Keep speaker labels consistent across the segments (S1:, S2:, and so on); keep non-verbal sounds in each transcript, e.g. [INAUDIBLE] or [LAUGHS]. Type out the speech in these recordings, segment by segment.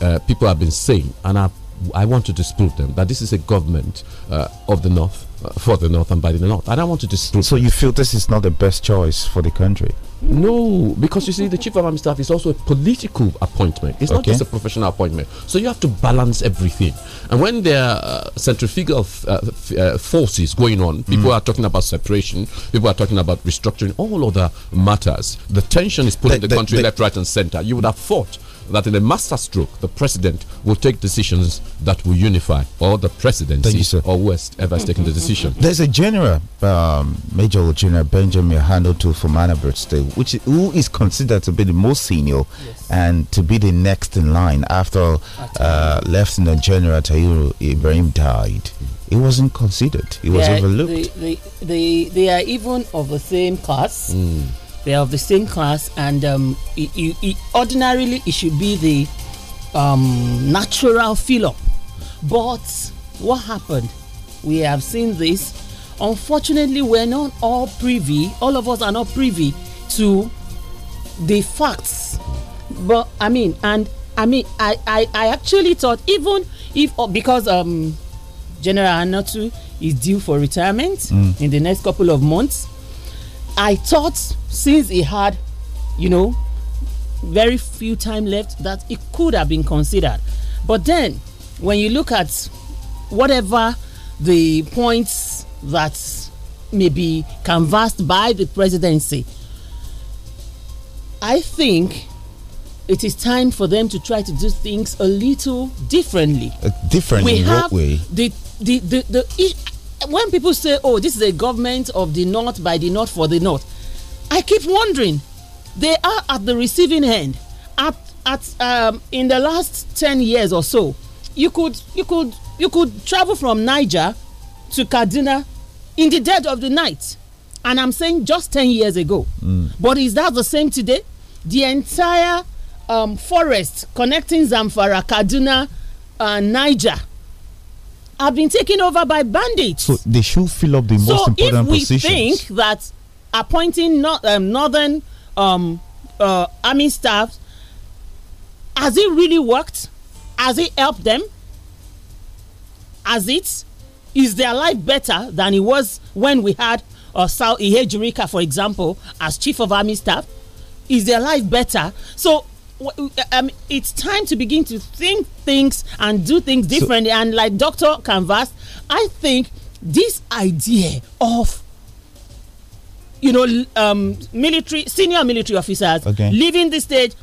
S1: uh, people have been saying, and i i want to disprove them that this is a government uh, of the North, uh, for the North, and by the North. And I want to disprove. So you feel this is not the best choice for the country? No, because you see, the chief of army staff is also a political appointment. It's okay. not just a professional appointment. So you have to balance everything. And when there are uh, centrifugal uh, uh, forces going on, people mm. are talking about separation, people are talking about restructuring, all other matters. The tension is putting the, the, the country the, left, right, and center. You would have fought that in a masterstroke, the president will take decisions that will unify all the or worst, ever has taken the decision.
S2: [LAUGHS] There's a general, um, Major General Benjamin Hanotu from Annabert State, which is, who is considered to be the most senior yes. and to be the next in line after uh, Lieutenant General Tayuru Ibrahim died. It wasn't considered. It was overlooked.
S3: they, they, they, are even of the same class. Mm they're of the same class, and um, it, it, it ordinarily it should be the um, natural fill up. But what happened? We have seen this. Unfortunately, we're not all privy, all of us are not privy to the facts. But I mean, and I mean, I, I, I actually thought even if uh, because um, General Anatu is due for retirement mm. in the next couple of months, I thought since he had, you know, very few time left that it could have been considered. But then when you look at whatever the points that may be canvassed by the presidency, I think it is time for them to try to do things a little differently.
S2: Uh, differently, we have way?
S3: The, the, the, the, when people say, oh, this is a government of the North by the North for the North, I keep wondering, they are at the receiving end. At, at um, in the last 10 years or so, you could, you could, you could travel from Niger to Kaduna in the dead of the night. And I'm saying just 10 years ago. Mm. But is that the same today? The entire um, forest connecting Zamfara, Kaduna, uh, Niger have been taken over by bandits.
S2: So they should fill up the so most important positions. So if we
S3: think that appointing not um, northern um, uh, army staff has it really worked? Has it helped them? Has it? Is their life better than it was when we had uh, Sal Ihe for example, as chief of army staff? Is their life better? So um, it's time to begin to think things and do things differently. So, and like Dr. Canvas, I think this idea of you know um, military senior military officers okay. leaving the stage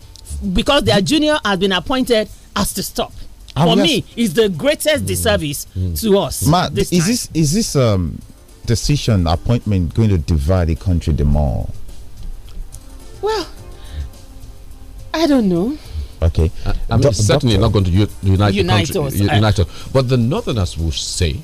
S3: because their junior has been appointed has to stop. And ah, For me, it's the greatest mm. disservice mm, to us. Ma, this is time. this
S2: is this um, decision appointment going to divide the country the more? Well,
S3: I don't know.
S1: Okay. I, am mean, Do certainly not going to unite, unite the country. Us. Unite us. But the Northerners will say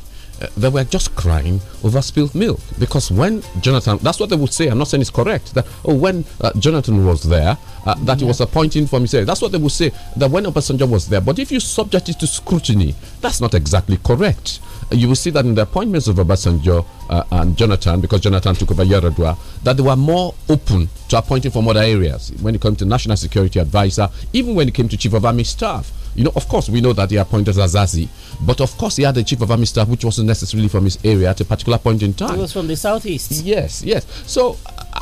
S1: they were just crying over spilled milk because when Jonathan, that's what they would say. I'm not saying it's correct. That oh, when uh, Jonathan was there, uh, that yeah. he was appointing for himself. That's what they would say. That when Obasanjo was there, but if you subject it to scrutiny, that's not exactly correct. You will see that in the appointments of Obasanjo uh, and Jonathan, because Jonathan took over Yaradua, that they were more open to appointing from other areas. When it came to national security advisor, even when it came to chief of army staff, you know, of course, we know that he appointed Azazi, but of course, he had the chief of army staff which wasn't necessarily from his area at a particular point in time. He
S3: was from the southeast.
S1: Yes, yes. So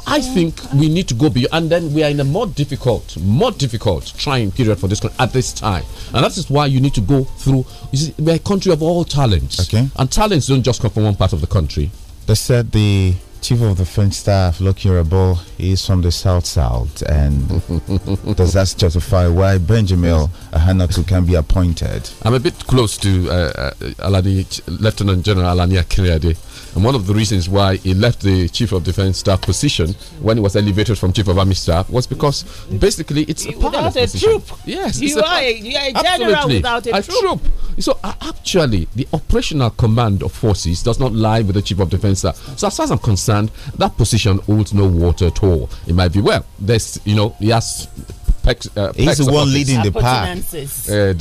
S1: I think we need to go beyond, and then we are in a more difficult, more difficult trying period for this country at this time, and that is why you need to go through. See, we're a country of all talents, okay. and talents don't just come from one part of the country. They said the
S2: chief of the French staff, Lucky Rabo, is from the South South. And [LAUGHS] does that justify why Benjamin Ahanatu can be appointed?
S1: I'm a bit close to uh, uh Alani, Lieutenant General Alani Kiriadi. And one of the reasons why he left the Chief of Defense Staff position when he was elevated from Chief of Army Staff was because basically it's a power Without a position. troop. Yes. You, are a, you are a general Absolutely. without a, a troop. troop. So uh, actually, the operational command of forces does not lie with the Chief of Defense Staff. So as far as I'm concerned, that position holds no water at all. It might be, well, there's, you know, he has Pecs, uh, he's the one leading the pack. Uh,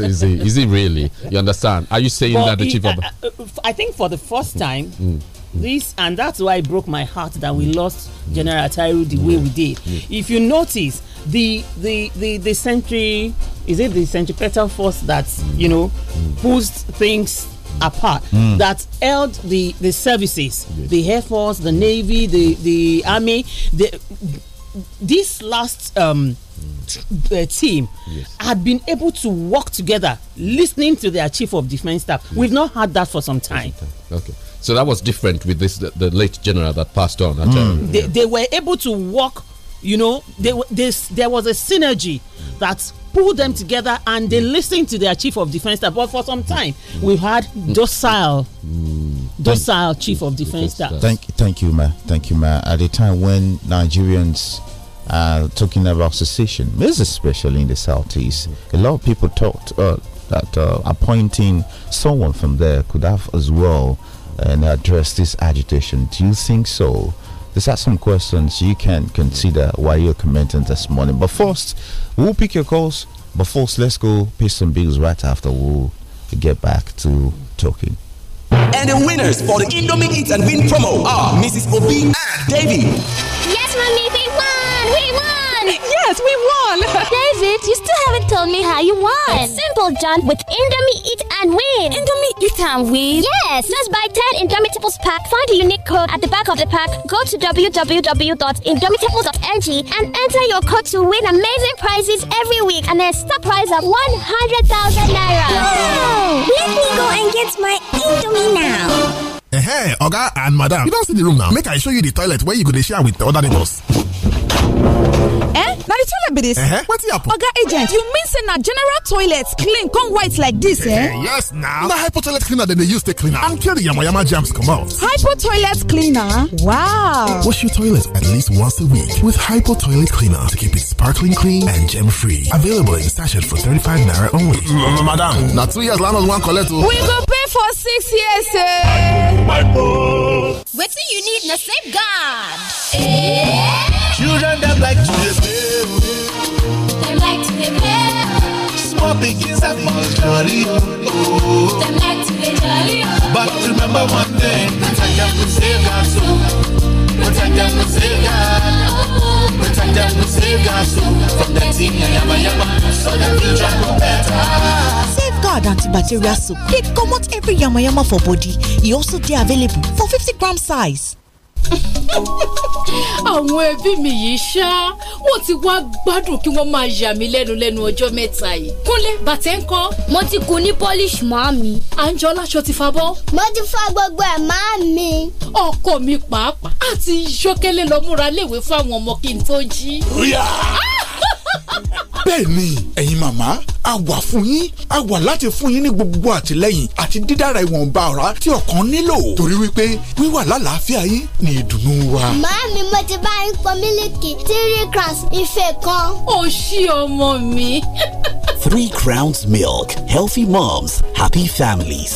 S1: is, he, is he really? You understand? Are you saying that the he, chief of? Uh,
S3: uh, I think for the first time, mm this and that's why it broke my heart that we lost general Tairu the way we did if you notice the the the the century is it the centripetal force that you know pulls things apart mm. that held the the services yes. the air force the navy the the army the this last um hmm. uh, team yes. had been able to work together listening to their chief of defense staff yes. we've not had that for some time
S1: okay so that was different with this the, the late general that passed on. mm. they,
S3: yeah. they were able to work. You know, they, they, there was a synergy that pulled them together and they mm. listened to their chief of defense staff. But for some time, we've had docile,
S2: mm. docile
S3: thank, chief of defense staff. Thank,
S2: thank you, ma. Thank you, ma. At a time when Nigerians are talking about secession, this is especially in the southeast, a lot of people talked uh, that uh, appointing someone from there could have as well and address this agitation? Do you think so? These are some questions you can consider while you're commenting this morning. But first, we'll pick your calls. But first, let's go pay some bills right after we'll get back
S1: to talking. And the winners for the Indomie Eat and Win promo are Mrs. Obi and
S4: Davy. Yes, mommy, we won! We won! yes, we won! [LAUGHS] David, you still haven't told me how you won. It's simple, John. With Indomie Eat and Win. Indomie Eat and Win? Yes! Just buy 10 Indomie Tipples pack, find the unique code at the back of the pack, go to www.indomitables.ng and enter your code to win amazing prizes every week and a star prize of 100,000 Naira. Wow! Let me go and get my Indomie now.
S5: hey, Oga and Madam, you don't see the room now. Make I show you the toilet where you could share with the other neighbors.
S4: Eh? na di toilet be this. Uh-huh. wetin
S6: happen. oga agent you mean say na general toilet clean come white like this, eh, eh? yes
S5: na na hypo toilet cleaner dem dey use take clean am and kill di yamayama germs comot
S6: hypo toilet cleaner wow
S5: wash your toilet at least once a week with hypo toilet cleaner to keep it sparkling clean and gem free available in sachet for 35 naira only madam na two years land on one collect o oh. we
S4: go pay for six years eh hypo wetin you need na safeguard eh children them like to the play.
S7: Them
S8: like to the play. Small pigs are more
S7: jolly. Oh.
S8: Them like to the jolly. Oh.
S9: But remember one thing,
S8: protect them from save God's soul.
S2: Protect them from save God. Protect them from save God's soul. From that thing yama yama, so the future go better.
S6: safeguard antibacterial soap They come out every yamayama for body It also they available for fifty gram size. [LAUGHS] àwọn ẹbí mi yìí ṣá wọn ti wá gbádùn kí wọn máa yà mí lẹ́nu lẹ́nu ọjọ́ mẹ́ta yìí. kúnlẹ̀ bàtẹ́ ń kọ́. mo ti kun ní polish máa mi. àǹjọ láṣọ ti fa bọ́. mo ti fa gbogbo ẹ̀ máa mi. ọkọ mi pàápàá àti yọkẹlẹ lọ múra léwe fún àwọn ọmọ kí n tó jí. ríà. [LAUGHS]
S7: bẹ́ẹ̀ni ẹ̀yin màmá a wà fún yín a wà láti fún yín ní gbogbo àtìlẹ́yìn àti dídára ìwọ̀nba ọ̀rá tí ọkàn nílò torí wípé wíwà lálàáfíà yín ni ìdùnnú
S1: wa.
S4: màámi mo ti bá yín pọn mílìkì three crowns ife kan. ó ṣí ọmọ mi.
S1: three crowns milk healthy moms happy families.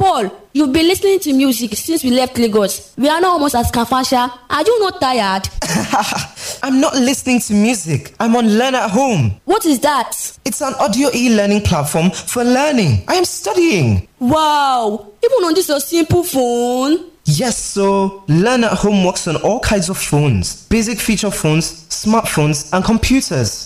S8: Paul, you've been listening to music since we left Lagos. We are now almost at Kafasha. Are you not tired? [LAUGHS]
S6: I'm not listening to music. I'm on Learn at Home. What is that? It's an audio e learning platform for learning. I am studying. Wow, even on this simple phone. Yes, so Learn at Home works on all kinds of phones basic feature phones, smartphones, and computers.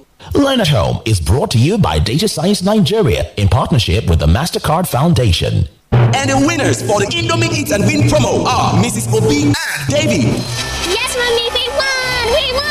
S6: Learn at Home is brought to you by Data Science Nigeria in partnership with the MasterCard Foundation.
S5: And the winners
S3: for the Indomie Eat and Win promo are Mrs. Obi and
S10: Davy.
S4: Yes, Mommy, we won! We won!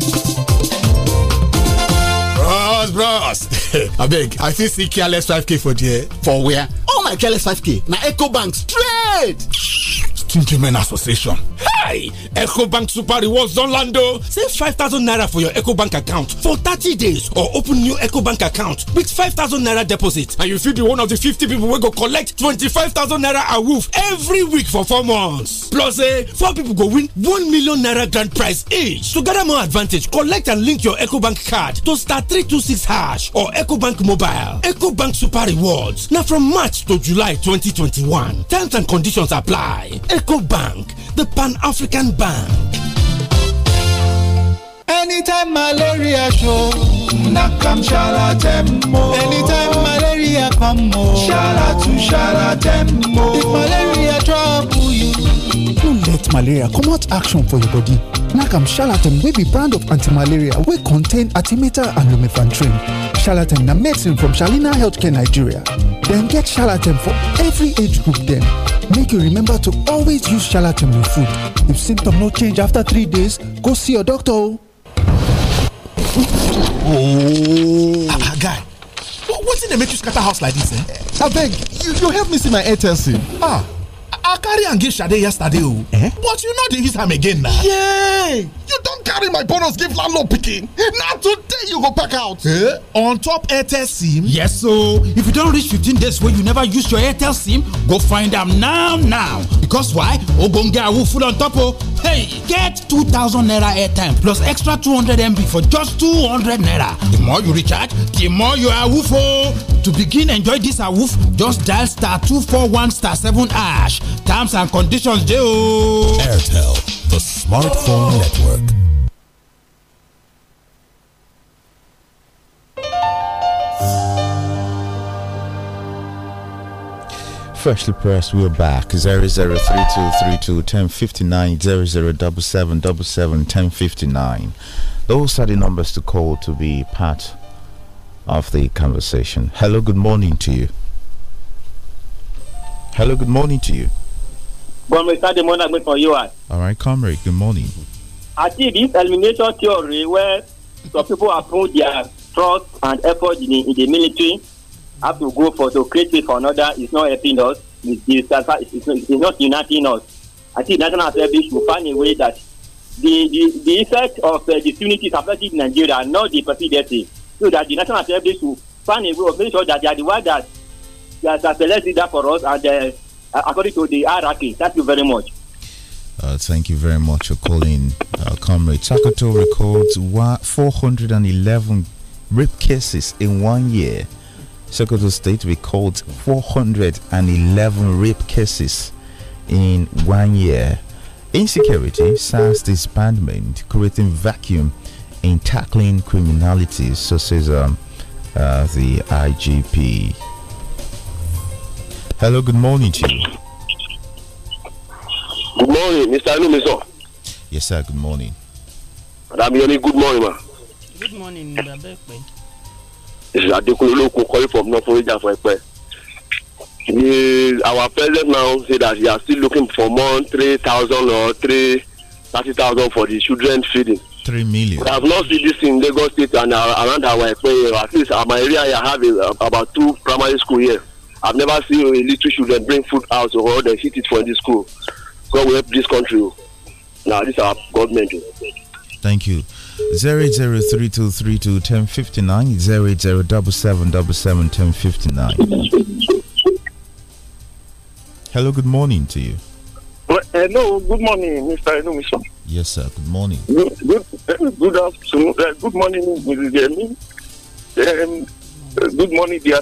S5: bros bros [LAUGHS] abeg i
S7: fit see careless 5k for there for where all oh my careless 5k na ecobank straight.
S9: Kingdom Association. Hey! EcoBank Super Rewards Online though. Save 5,000 Naira for your EcoBank account for 30 days or open new EcoBank account with 5,000 Naira deposit and you fit be one of the 50 people wey go collect 25,000 Naira awoof every week for four months. Plus eh, four people go win 1 million Naira grand prize each. To gather more advantage, collect and link your EcoBank card to start 326 hash or EcoBank mobile. EcoBank Super Rewards. Now from March to July 2021. Terms and conditions apply. Ecobank, the Pan African Bank.
S11: Anytime malaria show, nack am shalatemmo. Anytime malaria come, oh, shalatu shalatemmo. If malaria trouble
S9: you
S7: fight malaria comot action for your body. nakam charlatan wey be brand
S5: of anti-malaria wey contain artimata and lumefantrine. charlatan na medicine from shalina healthcare nigeria. dem get charlatan for every age group dem make you remember
S7: to always use charlatan with food if symptoms no change after three days go see your doctor Oh, ooooooo ah, ah, guy wetin dey make you scatter house like this? eh? abeg you you help me see my airtel ah i carry
S5: and give shade yesterday o oh. eh but you no dey use am again nah. yay you don't carry my bonus give landlord picking. na today you go pack out. eh on top airtel sim. yes
S12: so if you don't reach fifteen days wey you never use your airtel sim go find them now now because why ogbonge awu full on top oh. hey get two thousand naira airtime plus extra two hundred mb for just two hundred naira the more you recharge the more you awoof o. To begin enjoy this awoof, just dial star 241 star 7 ash. Terms and conditions dey Airtel, the smartphone network.
S2: Freshly pressed, we're back. 0032321059, 0077771059. Those are the numbers to call to be part of the conversation. Hello, good morning to you. Hello, good morning to you.
S10: morning, for you ah.
S2: All right, comrade, good morning.
S10: I see this elimination theory where some people approve their trust and effort in, in the military have to go for to create for another is not helping us. It's, it's, it's not uniting us. I think national service will find a way that the, the, the effect of uh, disunity is affecting Nigeria, not the presidency so that the National Assembly will find a way of making sure that they are the ones that that, that select leader for us and uh, uh according to the hierarchy. Thank you very much.
S2: Uh, thank you very much for calling, uh, comrade. Takato records 411 rape cases in one year. Sokoto State records 411 rape cases in one year. Insecurity, SARS disbandment, creating vacuum in tackling criminality, so says um, uh, the IGP. Hello, good morning to you.
S10: Good morning, Mr. Anumiso. Yes, sir, good morning. Madam Yoni, good morning, ma.
S3: Good morning, Mr.
S10: This is Adekunle calling from North Florida for Ekwe. He, our president now said that he are still looking for more 3,000 or 3, 30,000 for the children feeding. Three million. I have not seen this in Lagos State and uh, around our area. At least in uh, my area, I have uh, about two primary school here. I've never seen a little children bring food out or they eat it from the school. God will help this country. Now, nah, this is our government.
S2: Thank you. 0803232 1059 0807777 Hello, good morning to you.
S10: Well, hello, good morning, Mr. Enumiso. Yes, sir. Good morning. Good, good, afternoon. good morning, Mrs. Yemi. Um, good morning, the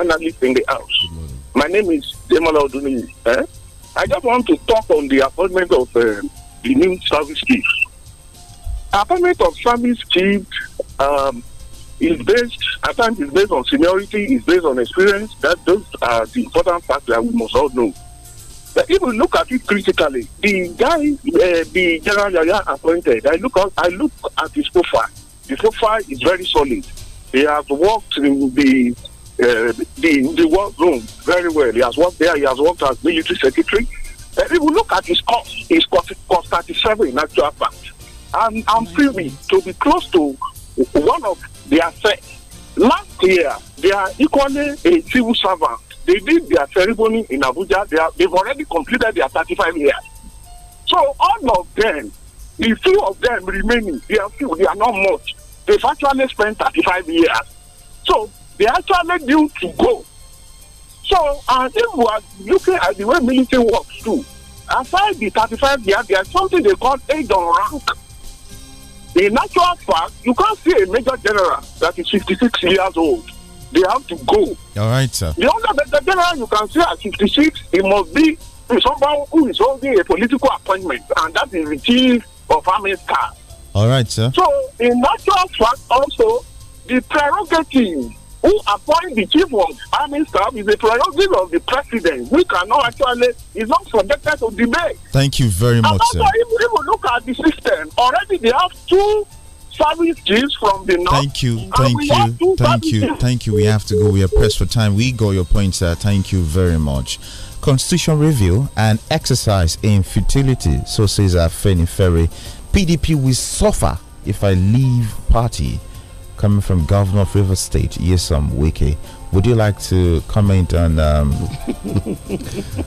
S10: analyst in the house. My name is Demola Oduni. Eh? I just want to talk on the appointment of um, the new service chief. Appointment of service chief um, is based, at times, is based on seniority, is based on experience. That those are the important facts that we must all know but if you look at it critically, the guy, uh, the General Yaya appointed, I look, at, I look at his profile. The profile is very solid. He has worked in the uh, the, the workroom very well. He has worked there. He has worked as military secretary. And if we look at his cost, his cost, cost 37 in actual fact, and I'm privy to be close to one of the assets. Last year, they are equally a civil servant they did their ceremony in Abuja. They are, they've already completed their 35 years. So all of them, the few of them remaining, they are few, they are not much. They've actually spent 35 years. So they actually due to go. So and if we are looking at the way military works too, aside the 35 years, there is something they call age on rank. In actual fact, you can't see a major general that is 56 years old they have to go.
S2: All right, sir. The
S10: other veteran you can see at 56, he must be someone who is holding a political appointment, and that is the chief of army staff. All right, sir. So, in natural fact, also, the prerogative who appoint the chief of army staff is a prerogative of the president. We cannot actually, it's not subjected to debate.
S2: Thank you very and much, also, sir.
S10: if we look at the system, already they have two from the north.
S2: Thank you, thank you, thank services. you, thank you. We have to go. We are pressed for time. We got your points, sir. Thank you very much. Constitution review and exercise in futility, so says Afeni Ferry. PDP will suffer if I leave party. Coming from Governor of River State, I'm Wike
S1: would you like to comment on um, [LAUGHS]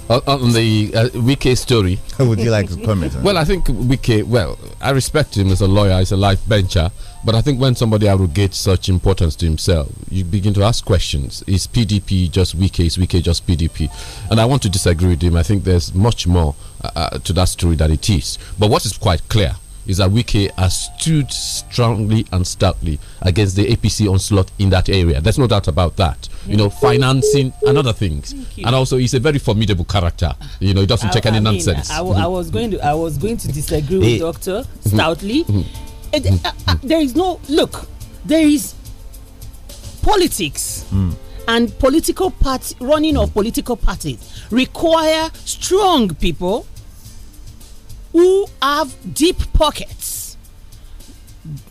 S1: on, on, the uh, Wike story? [LAUGHS] would you like to comment? well, that? I think Wike. Well, I respect him as a lawyer, as a life bencher, but I think when somebody arrogates such importance to himself, you begin to ask questions: Is PDP just Wike? Is Wike just PDP? And I want to disagree with him. I think there's much more uh, uh to that story than it is. But what is quite clear is that Wike has stood strongly and stoutly against the APC onslaught in that area. There's no doubt about that. You know, financing and other things, and also he's a very formidable character. You know, he doesn't I, take I any mean, nonsense. I, I,
S3: was going to, I was going to disagree with Doctor mm-hmm. stoutly. Mm-hmm. uh, uh, mm-hmm. there is no look. There is politics. Mm and political party running of political parties require strong people who have deep pockets.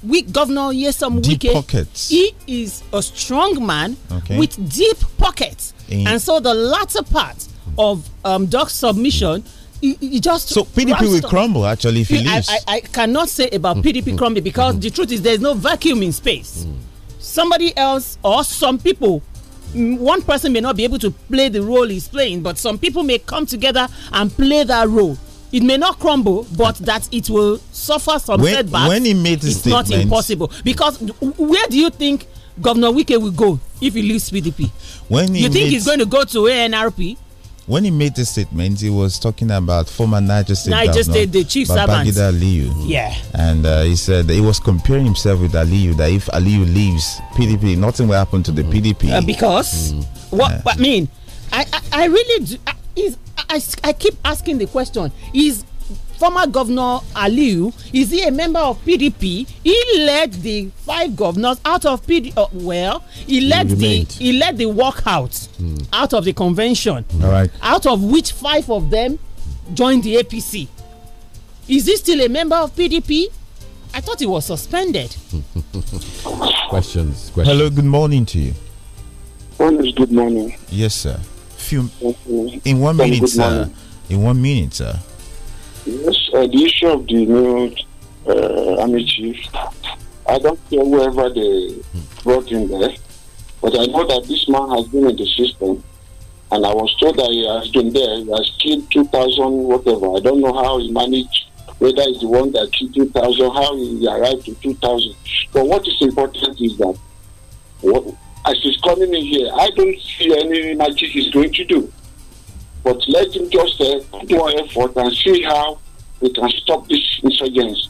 S3: We governor Yesom deep wicked. pockets. he is a strong man okay. with deep pockets, In and so the latter part of um, Doc's submission. He, he just so PDP will up. crumble
S2: actually if he, leaves. I,
S3: I, I, cannot say about PDP mm. crumble mm. crumbling because mm. the truth is there is no vacuum in space. Somebody else or some people one person may not be able to play the role he's playing, but some people may come together and play that role it may not crumble, but that it will suffer some when, setbacks. When he
S2: made this it's not impossible
S3: because where do you think Governor Wike will go if he leaves PDP?
S2: When you think made, he's going
S3: to go to ANRP?
S2: When he made the statement, he was talking about former Niger State Niger Governor State, the chief Babangida servant. Aliyu. Yeah, and uh, he said he was comparing himself with Aliyu that if Aliyu leaves PDP, nothing will happen to the PDP uh, because mm.
S3: what I mean. I, I, I really do, I, is I, I keep asking the question is former governor aliyu is he a member of pdp he led the five governors out of pdp uh, well he led the he led the walkout mm. out of the convention hmm. all right out of which five of them joined the apc is he still a member of pdp i thought he was suspended
S2: [LAUGHS] questions, questions hello good morning to you good morning yes sir
S10: few oh, oh, oh.
S2: in one minute, sir. In one minute,
S10: sir. Yes, uh, the issue of the new uh, army chief. I don't care whoever they hmm. brought in there, but I know that this man has been in the system, and I was told that he has been there. He has killed two thousand whatever. I don't know how he managed whether it's the one that killed 2,000, how he arrived to 2,000. But what is important is that what, as he's coming in here, I don't see any magic he's going to do. But let him just uh, do more effort and see how we can stop this insurgency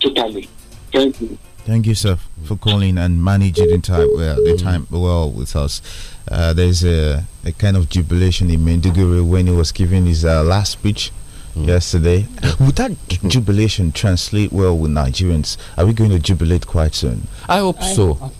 S10: totally. Thank you.
S2: Thank you, sir, for calling and managing time well, the time well with us. Uh, there's a, a, kind of jubilation in Mendigiri when he was giving his uh, last speech Mm. yesterday. Would that mm-hmm. jubilation translate well with Nigerians? Are we going to
S1: jubilate quite soon? I hope so.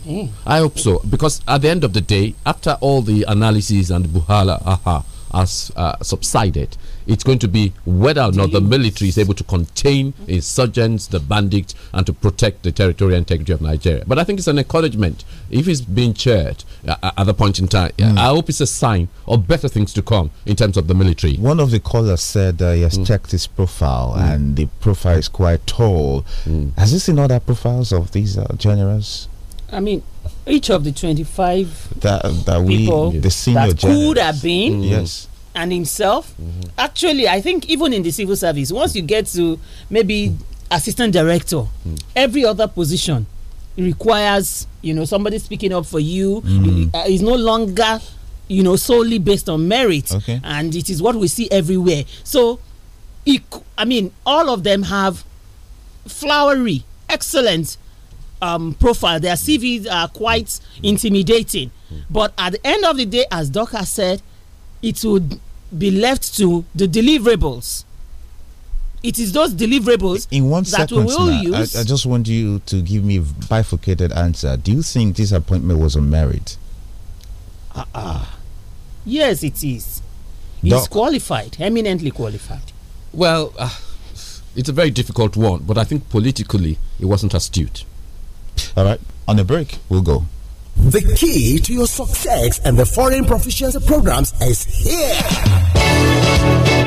S1: I hope so. Because at the end of the day, after all the analysis and buhala aha has uh, subsided, it's going to be whether or not the military is able to contain insurgents, the bandits, and to protect the territorial integrity of Nigeria. But I think it's an encouragement. If it's being chaired uh, uh, at the point in time, mm. I hope it's a sign of better things to come in terms of the military. One of the callers said uh, he has mm. checked his profile, mm. and the profile is quite tall. Hmm.
S2: Has he seen other profiles of these uh, generals?
S3: I mean, each of the 25
S2: that, that we, the senior that generals. could have been. Yes
S3: and himself. Mm -hmm. Actually, I think even in the civil service, once you get to maybe assistant director, hmm. every other position requires you know somebody speaking up for you. Mm. it's no longer you know solely based on merit, okay. and it is what we see everywhere. So, I mean, all of them have flowery, excellent um, profile. Their CVs are quite hmm. intimidating, hmm. but at the end of the day, as Doc has said, it would be left to the deliverables. It is those deliverables in one that we will now, use. I, I, just
S2: want you to give me a bifurcated answer. Do you think this appointment was a merit? Ah, uh, uh
S3: yes, it is. He's Doc. qualified, eminently qualified.
S1: Well, uh, it's a very difficult one, but I think politically it wasn't astute. All right, on a break, we'll go.
S2: The key to your success and the foreign proficiency programs is here.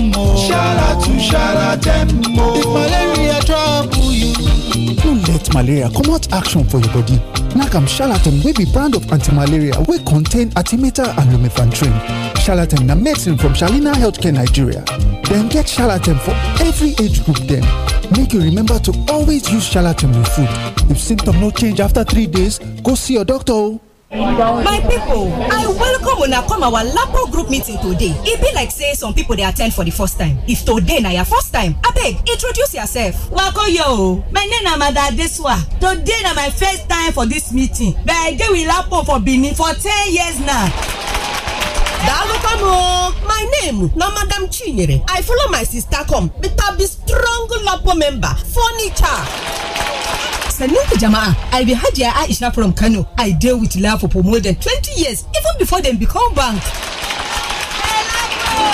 S9: am o. Ṣara to ṣara dem o. If malaria trouble you.
S7: No let malaria comot action for your body. Nakam Charlatan wey be brand of anti-malaria
S5: wey contain artimata and lumefantrine. Charlatan na medicine from Shalina Healthcare Nigeria. Dem get Charlatan for every age group dem. Make you remember to always use
S7: Charlatan with food. If symptoms no change after three days, go see your doctor o
S10: my
S8: people, i welcome
S6: una come our lapo group meeting today e be like say some people they attend for the first time if today na your first time abeg introduce yourself. Wako yo, my name is mada adesuwa today na my first time for this meeting but i dey with lapo for bini for ten years now. daalụkwanụ my name na madam chinyere i follow my sister come but I be strong lapo member fonicha I've jama'a i be aisha from kano i deal with lapo for more than twenty years even before them become bank.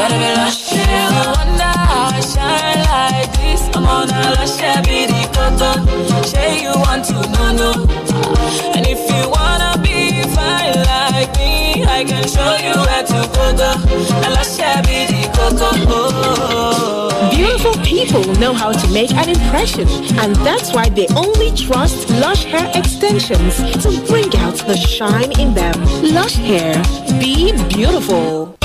S8: Gotta be lush, yeah. wonder how I shine like this. I'm on a lush, yeah, be the Say you want to know, no. And if you wanna
S6: be fine like me, I can show you where to go, go. A lush, yeah, be the Beautiful people know how to make an impression, and that's why they only trust Lush Hair Extensions to bring out the shine in them. Lush Hair, be beautiful.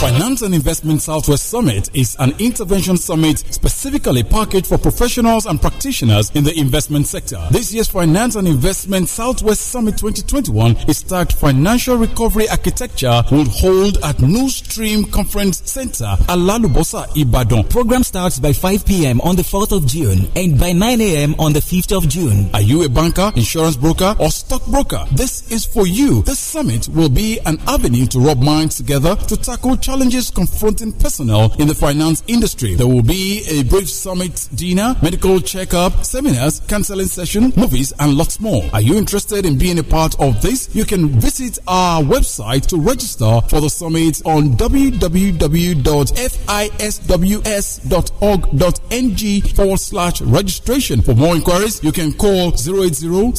S12: Finance and Investment Southwest Summit is an intervention summit specifically packaged for professionals and practitioners in the investment sector. This year's Finance and Investment Southwest Summit 2021 is tagged Financial Recovery Architecture will hold at New Stream Conference Center, Alalubosa, Ibadan. Program starts by 5 p.m. on the 4th of June and by 9 a.m. on the 5th of June. Are you a banker, insurance broker, or stockbroker? This is for you. This summit will be an avenue to rub minds together to tackle practical challenges confronting personnel in the finance industry. There will be a brief summit dinner, medical checkup, seminars, counseling session, movies, and lots more. Are you interested in being a part of this? You can visit our website to register for the summit on www.fisws.org.ng forward slash registration. For more inquiries, you can call 080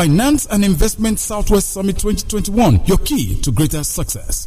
S12: Finance and Investment Southwest Summit 2021. Your key to greater success.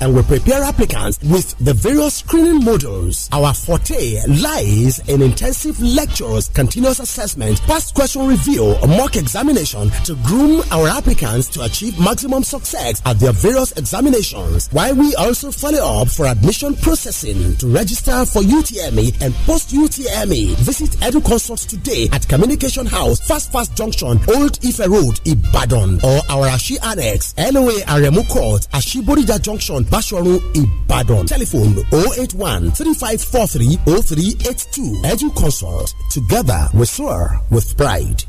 S7: and we prepare applicants with the various screening modules. Our forte lies in intensive lectures, continuous assessment, past question review, mock examination to groom our applicants to achieve maximum success at their various examinations. While we also follow up for admission processing to register for UTME and post UTME, visit EduConsult today at Communication House, Fast Fast Junction, Old Ife Road, Ibadan, or our Ashi Annex, LOA Aremu Court, Ashibodija Junction and Basharu Ibadan. Telephone 081
S2: 3543 0382. Edu Consult. Together we soar with pride.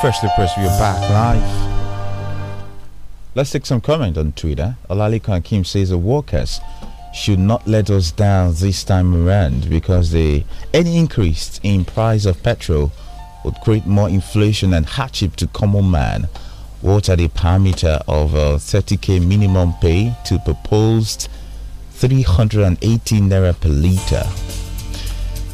S2: Firstly, press we are back live. Let's take some comment on Twitter. Olali Kim says the workers should not let us down this time around because the any increase in price of petrol would create more inflation and hardship to common man what are the parameter of uh, 30k minimum pay to proposed 318 naira per liter.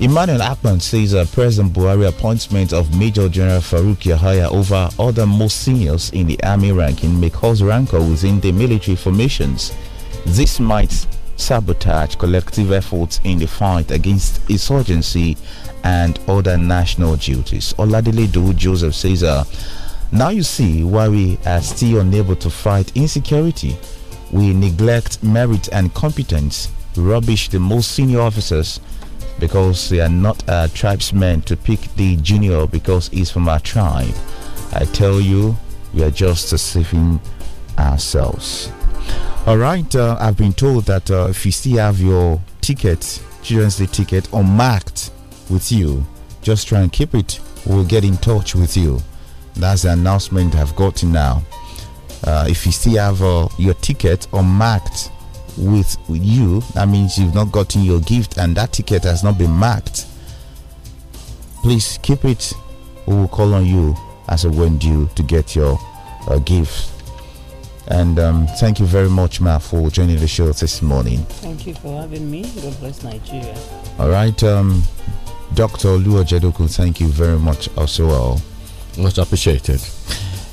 S2: Emmanuel Akman says uh, President Buhari appointment of Major General Farouk Yahaya over other most seniors in the army ranking may cause rancor within the military formations. This might sabotage collective efforts in the fight against insurgency and other national duties. Oladile Joseph says uh, now you see why we are still unable to fight insecurity. We neglect merit and competence, rubbish the most senior officers because they are not our tribesmen to pick the junior because he's from our tribe. I tell you, we are just deceiving ourselves. All right, uh, I've been told that uh, if you still have your ticket, Children's Day ticket, unmarked with you, just try and keep it. We'll get in touch with you. That's the announcement I've gotten now. Uh, if you still have uh, your ticket unmarked with you, that means you've not gotten your gift and that ticket has not been marked. Please keep it. We will call on you as a when due to get your uh, gift. And um, thank you very much, Ma, for joining the show this morning.
S3: Thank you for having me. God bless Nigeria.
S2: All right, um, Dr. Lua Jedoku, thank you very much as well. Much appreciated.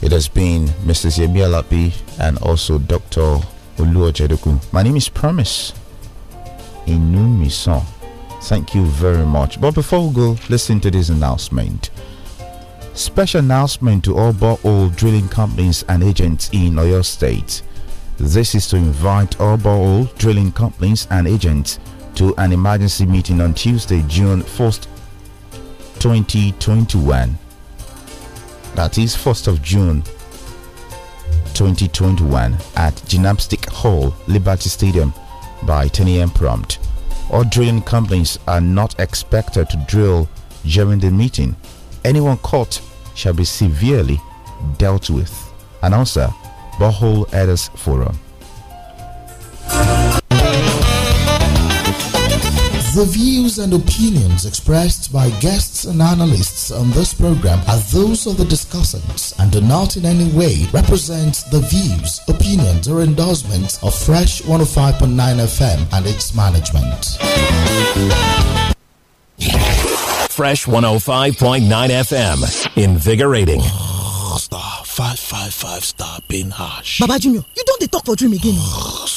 S2: It has been Mrs. Yemi Alapi and also Dr. Oluojedoku. My name is Promise Inumison. Thank you very much. But before we go, listen to this announcement. Special announcement to all borehole drilling companies and agents in Oyo State. This is to invite all borehole drilling companies and agents to an emergency meeting on Tuesday, June 1st, 2021 that is 1st of June 2021 at Gymnastic Hall, Liberty Stadium by 10 a.m. prompt. All drilling companies are not expected to drill during the meeting. Anyone caught shall be severely dealt with. Announcer, Bohol Elders Forum.
S7: The views and opinions expressed by guests and analysts on this program are those of the discussants and do not in any way represent the views, opinions, or endorsements of Fresh 105.9 FM and its management.
S5: Fresh 105.9 FM, invigorating.
S7: Ah, five five five star pin hash. Baba Junior,
S6: you don't dey talk for dream again. [SIGHS]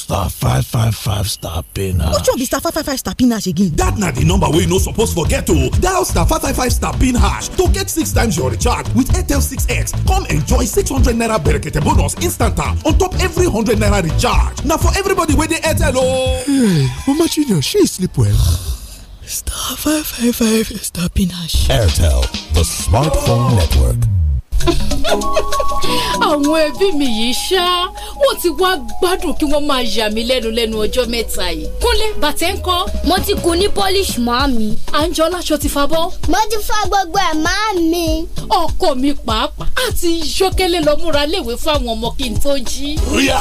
S7: star five five five star pin hash.
S6: Which one be star five five five
S7: star pin hash again? That na the number wey you no suppose forget o. Oh. Dial star five five five star pin hash to get six
S5: times your recharge with Airtel 6x. Come enjoy 600 naira berekete bonus instant ah, on top every hundred naira recharge. Na for everybody wey dey Airtel o. Oh. Hey, Mama Junior, she sleep well. Star five five five star pin hash.
S2: Airtel, the smartphone network
S6: àwọn ẹbí mi yìí ṣá wọn ti wá gbádùn kí wọ́n máa yà mí lẹ́nu lẹ́nu ọjọ́ mẹ́ta yìí. kúnlẹ̀ bàtẹ́ ń kọ́. mo ti kun ní polish máa mi. àǹjọ láṣọ ti fa bọ́. mo ti fa gbogbo ẹ̀ máa mi. ọkọ mi pàápàá àti yọkẹlẹ lọ múra léwe fáwọn ọmọ kí n tó jí. ríà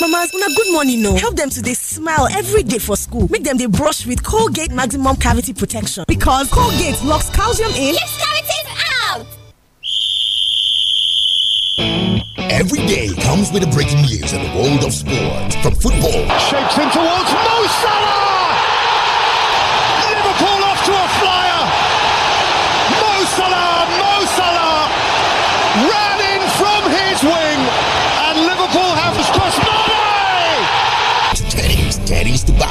S6: Mamas, una good morning, no. Oh. Help them to they smile every day for school. Make them they brush with Colgate Maximum Cavity Protection because Colgate locks calcium in. Keeps cavities out.
S5: Every day comes with a breaking news in the world of sports. From football, shapes in towards Mo Salah. Yoruba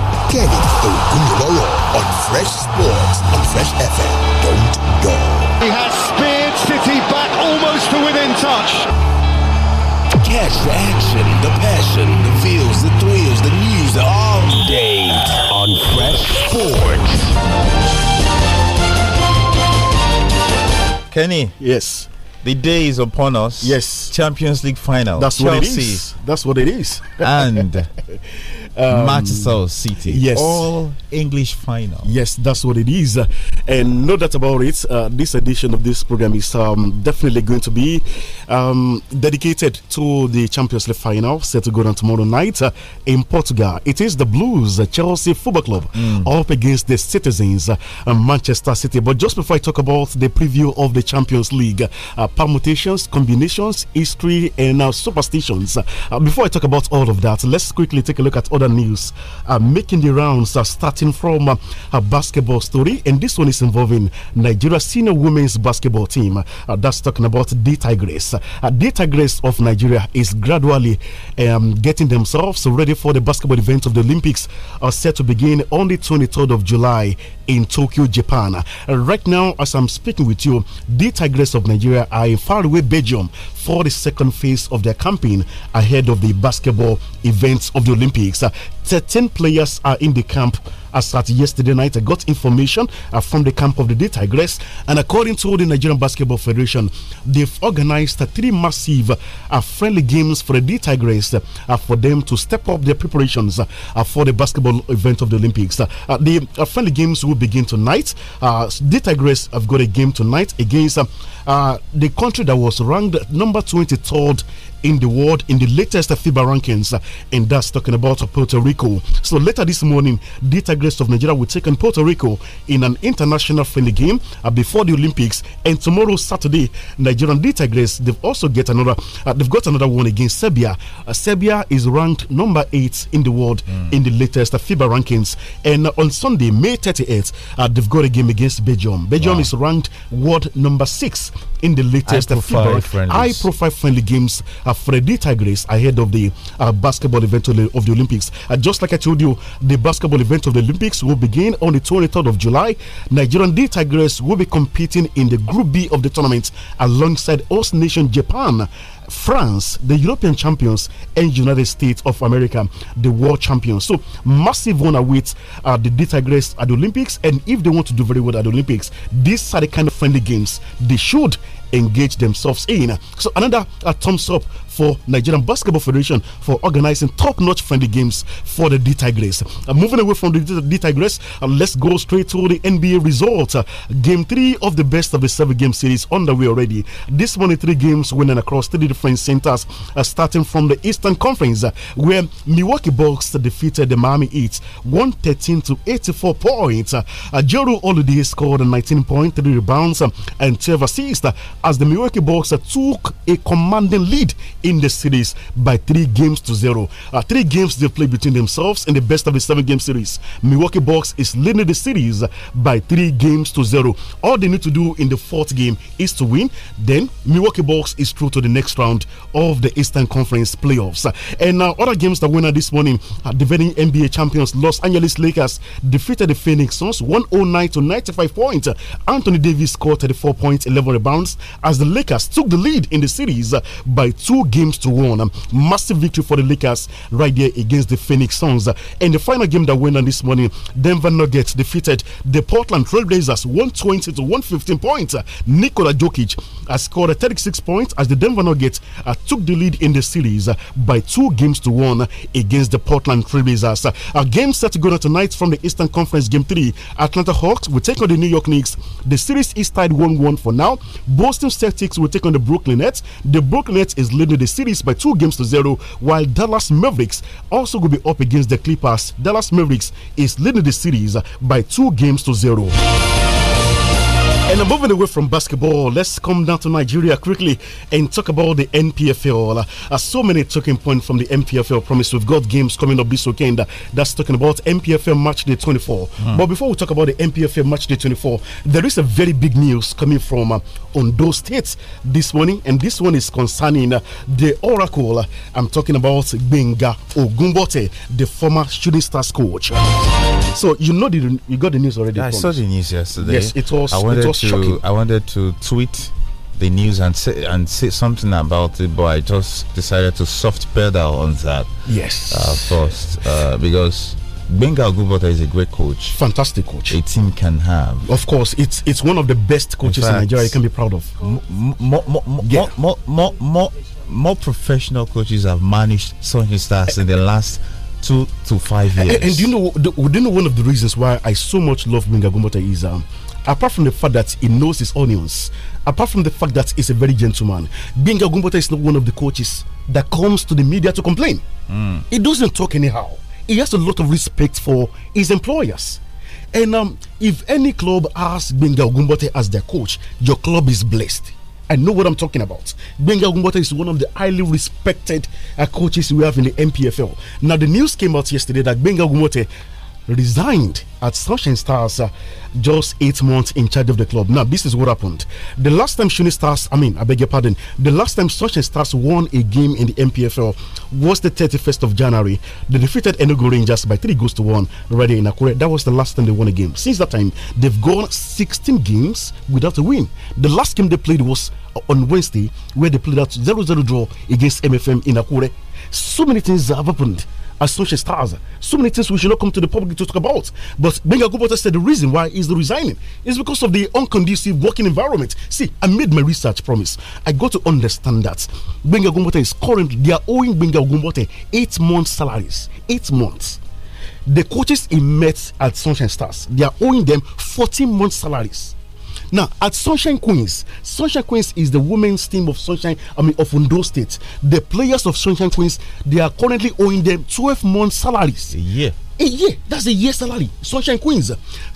S5: again. Get it Ogunloro on Fresh Sports on Fresh FM. Don't go. He has speared City back almost to within touch. Catch the action, the passion, the feels, the thrills, the news all day on Fresh Sports.
S2: Kenny. Yes. The day is upon us. Yes. Champions League final. That's Chelsea. what it is. That's what it is. And
S7: [LAUGHS] Um, Manchester City. Yes. All
S2: English final. Yes, that's what it is.
S7: and no doubt about it, uh, this edition of this program is um, definitely going to be um, dedicated to the Champions League final set to go down tomorrow night uh, in Portugal. It is the Blues, uh, Chelsea Football Club, mm. up against the Citizens, uh, Manchester City. But just before I talk about the preview of the Champions League, uh, permutations, combinations, history, and uh, superstitions, before I talk about all of that, let's quickly take a look at all other news uh, making the rounds, uh, starting from uh, a basketball story. And this one is involving Nigeria senior women's basketball team. Uh, that's talking about the Tigress. Uh, the Tigress of Nigeria is gradually um, getting themselves ready for the basketball event of the Olympics, uh, set to begin on the 23rd of July in Tokyo, Japan. Uh, right now, as I'm speaking with you, the Tigress of Nigeria are in faraway Belgium for the second phase of their campaign ahead of the basketball events of the Olympics. Uh, 13 players are in the camp as at yesterday night. I got information uh, from the camp of the Day Tigress, and according to the Nigerian Basketball Federation, they've organized uh, three massive uh, friendly games for the Day Tigress uh, for them to step up their preparations uh, for the basketball event of the Olympics. Uh, the friendly games will begin tonight. Uh, Day Tigress have got a game tonight against the country that was ranked number 23rd in the world in the latest FIBA rankings, uh, and that's talking about Puerto Rico. So later this morning, the Tigers of Nigeria will take on Puerto Rico in an international friendly game uh, before the Olympics, and tomorrow Saturday, Nigerian the they've also get another uh, they've got another one against Serbia. Serbia is ranked number eight in the world mm. in the latest FIBA rankings, and on Sunday, May 38th, they've got a game against Belgium. Belgium wow. is ranked world number six in the latest high-profile high friendly games. Uh, Freddy Tigris ahead of the uh, basketball event of the, of the Olympics. Uh, just like I told you, the basketball event of the Olympics will begin on the 23rd of July. Nigerian D Tigers will be competing in the Group B of the tournament alongside host nation Japan. France, the European champions, and United States of America, the world champions. So massive one awaits uh, the Tigress at the Olympics, and if they want to do very well at the Olympics, these are the kind of friendly games they should engage themselves in. So another uh, thumbs up for Nigerian Basketball Federation for organizing top-notch friendly games for the D Tigers. Uh, moving away from the D Tigers, uh, let's go straight to the NBA results. Uh, game three of the best of the seven-game series underway already. This morning, three games winning across three different centers, uh, starting from the Eastern Conference, uh, where Milwaukee Bucks defeated the Miami Heat 113 to 84 points. Uh, uh Jero Holiday scored 19.3 rebounds and 12 assists as the Milwaukee Bucks took a commanding lead in the series by three games to zero. Uh, three games they played between themselves in the best of the seven game series. Milwaukee Bucks is leading the series by three games to zero. All they need to do in the fourth game is to win. Then Milwaukee Bucks is through to the next round of the Eastern Conference playoffs. And now uh, other games that winner this morning are uh, defending NBA champions Los Angeles Lakers defeated the Phoenix Suns 109 to 95 points. Anthony Davis scored 34 points, 11 rebounds as the Lakers took the lead in the series by two games games to one. Um, massive victory for the Lakers right there against the Phoenix Suns. and the final game that went on this morning, Denver Nuggets defeated the Portland Trailblazers 120 to 115 points. Nikola Jokic has scored 36 points as the Denver Nuggets uh, took the lead in the series uh, by two games to one against the Portland Trailblazers. A game set to go on tonight from the Eastern Conference Game 3. Atlanta Hawks will take on the New York Knicks. The series is tied 1 1 for now. Boston Celtics will take on the Brooklyn Nets. The Brooklyn Nets is leading the series by two games to zero, while Dallas Mavericks also will be up against the Clippers. Dallas Mavericks is leading the series by two games to zero. And I'm moving away from basketball, let's come down to Nigeria quickly and talk about the NPFL. Uh, so many talking points from the NPFL. Promise we've got games coming up this weekend. That's talking about NPFL Match Day 24. Mm. But before we talk about the NPFL Match Day 24, there is a very big news coming from uh, those states this morning, and this one is concerning uh, the Oracle. I'm talking about Benga Ogumbote, the former Shooting Stars coach. So you know the, you got the news already. I saw the news yesterday. Yes, it was. I wanted it was to. Shocking.
S2: I wanted to tweet the news and say and say something about it, but I just decided to soft pedal on that. Yes. Uh, first, uh, because Benga Ogubota is a great coach. Fantastic coach. A team can have. Of course, it's it's one of the best coaches in, fact, in Nigeria you can be proud of. More, more, yeah. more, more, more, more professional coaches have managed Sunshine Stars in the last two to five years. And, and do you
S7: know do, do, you know one of the reasons why I so much love Benga Ogubota is um, apart from the fact that he knows his onions, apart from the fact that he's a very gentleman, Benga Ogubota is not one of the coaches that comes to the media to complain. Mm. He doesn't talk anyhow he has a lot of respect for his employers. And um, if any club has Benga Ogumbote as their coach, your club is blessed. I know what I'm talking about. Benga Ogumbote is one of the highly respected uh, coaches we have in the MPFL. Now, the news came out yesterday that Benga Ogumbote resigned at Sunshine Stars uh, just eight months in charge of the club. Now, this is what happened. The last time Shooting Stars, I mean, I beg your pardon, the last time Sunshine Stars won a game in the MPFL was the 31st of January. They defeated Enugu Rangers by three goals to one right in Akure. That was the last time they won a game. Since that time, they've gone 16 games without a win. The last game they played was uh, on Wednesday, where they played that 0 0 draw against MFM in Akure. So many things have happened as social stars. So many things we should not come to the public to talk about. But Benga Gubota said the reason why he's resigning is because of the unconducive working environment. See, I made my research promise. I got to understand that Benga Gubota is currently, they are owing Benga Gubota eight months' salaries. Eight months. The coaches he met at Sunshine Stars, they are owing them 14 months' salaries. Now, at Sunshine Queens, Sunshine Queens is the women's team of Sunshine, I mean, of Ondo State. The players of Sunshine Queens, they are currently owing them 12 months' salaries. year. A year. That's a year's salary. Sunshine Queens.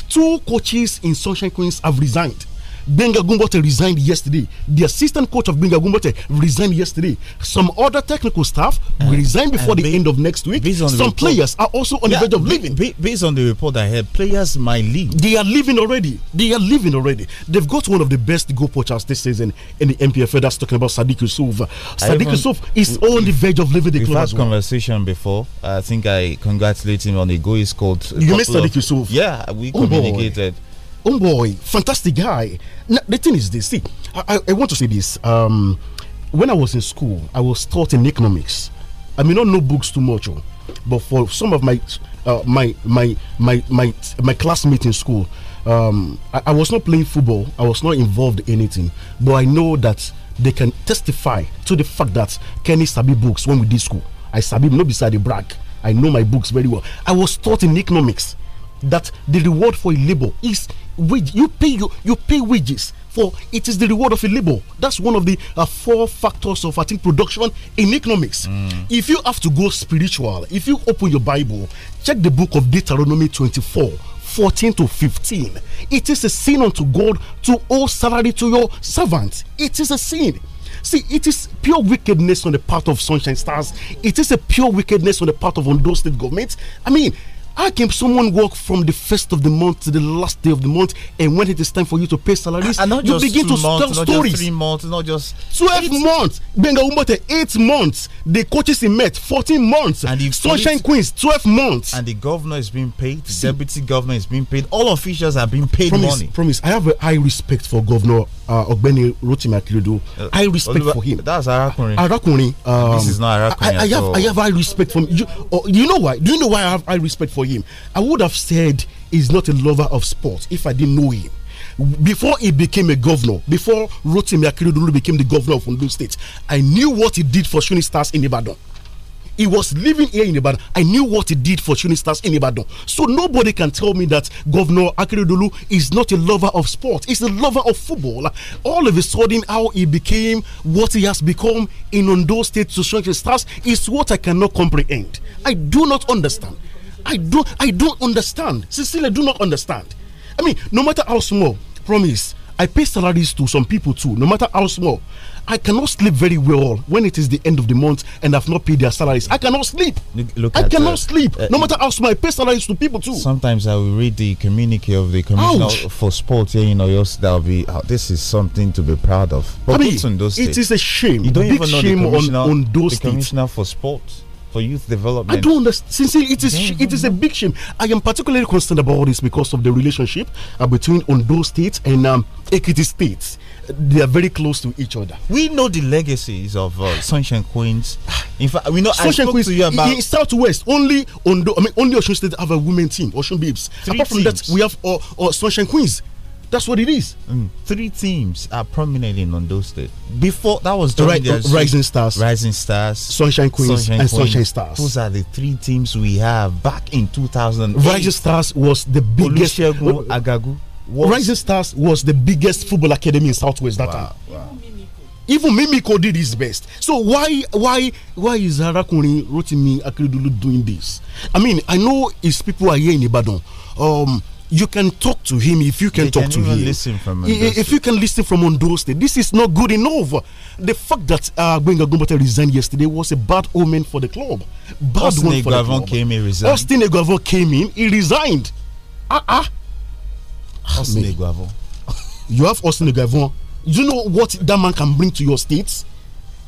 S7: Two coaches in Sunshine Queens have resigned Benga Gumbote resigned yesterday. The assistant coach of Benga Gumbote resigned yesterday. Some other technical staff uh, will resign before uh, the end of next week. Some players are also on yeah, the verge of
S2: leaving. Based on the report I heard, players might leave. They are leaving already.
S7: They are leaving already. They've got one of the best goal poachers this season in the MPFA. That's talking about Sadiq Yusuf. Sadiq Yusuf is on the verge of leaving the club. We've had
S2: conversation before. I think I congratulate him on the goal he scored. You missed Sadiq Yusuf. Yeah, we oh, communicated.
S7: Oh boy, fantastic guy. Now, the thing is this. See, I, I want to say this. Um, when I was in school, I was taught in economics. I may not know books too much, oh, but for some of my uh, my my my my my classmates in school, um, I, I, was not playing football. I was not involved in anything, but I know that they can testify to the fact that Kenny Sabi books when we did school. I Sabi not beside the brag. I know my books very well. I was taught in economics that the reward for a labor is wage, you pay you, you pay wages for it is the reward of a labor. That's one of the uh, four factors of I think production in economics. Mm. If you have to go spiritual, if you open your Bible, check the book of Deuteronomy 24. 14 to 15. It is a sin unto God to owe salary to your servant. It is a sin. See, it is pure wickedness on the part of Sunshine Stars. It is a pure wickedness on the part of Ondo State government. I mean, how can someone work from the first of the month to the last day of the month, and when it is time for you to pay salaries, and not you just begin to months, tell not stories? Just three
S2: months, not just
S7: twelve months. Benga Umbote, eight months. The coaches he Met, fourteen months. And the Sunshine eight, Queens, twelve
S2: months. And the governor is being paid. The deputy governor is being paid. All officials are being paid promise, money.
S7: Promise. I have a high respect for Governor uh, Ogbeni Rotimi Akilodo. Uh, I respect Oliver, for
S2: him. That's Arakunrin.
S7: Arakunrin. Um, this is
S2: not Arakunrin. I, I have all. I have
S7: high respect for him. You, uh, you know why? Do you know why I have high respect for? for him. I would have said he's not a lover of sports if I didn't know him before he became a governor, before Rotimi Akeredolu became the governor of Ondo State, I knew what he did for Shuni Stars in Ibadan. He was living here in Ibadan. I knew what he did for Shuni Stars in Ibadan. So nobody can tell me that Governor Akeredolu is not a lover of sport. He's a lover of football. All of a sudden, how he became what he has become in Ondo State to Shuni Stars is what I cannot comprehend. I do not understand. I don't I don't understand. Cecilia, do not understand. I mean, no matter how small, promise, I pay salaries to some people too, no matter how small. I cannot sleep very well when it is the end of the month and I've not paid their salaries. I cannot sleep. Look, I cannot the, uh, sleep. Uh, no
S2: matter how small, I pay salaries to people too. Sometimes I will read the communique of the commissioner Ouch. for sport Yeah, you know, State. will be, uh, this is something to be proud of. But I mean, it is a shame. You don't Big even know shame the commissioner, on, on those the commissioner for sport for youth development. I don't
S7: understand. Sincerely, it is it is a big shame. I am particularly concerned about this because of the relationship uh, between Ondo State and um, Ekiti State. They are very close to each other. We know the legacies
S2: of uh, Sunshine Queens. In fact, we know Sunshine I spoke Queens, to you about in, in
S7: Southwest. Only Ondo, I mean, only ocean State have a women team. Ocean Babes. Apart teams. from that, we have uh, uh, Sunshine Queens
S2: that's what it is. Mm. Three teams are prominent in Ondo State. Before that was the right, uh, Rising Stars, Rising Stars, Sunshine Queens, Sunshine and Sunshine Stars. Those are the three teams we have back in 2000. Rising
S7: Stars was the biggest. Agagu. Was Rising Stars was the biggest football academy in Southwest that wow, time. Wow. Even Mimiko did his best. So why why why is Harakuni Rotimi Akeredolu doing this? I mean, I know his people are here in Ibadan. Um, you can talk to him if you can they talk can to him.
S2: Listen from if
S7: you can listen from Ondo State, this is not good enough. The fact that uh, Gwenga Gumbata resigned yesterday was a bad omen for the club. Bad Austin for Egavon the club.
S2: Came, in. resigned.
S7: Austin Eguavon came in, he resigned. Ah uh ah.
S2: -uh. Austin Eguavon.
S7: [LAUGHS] you have Austin Eguavon. You know what that man can bring to your states,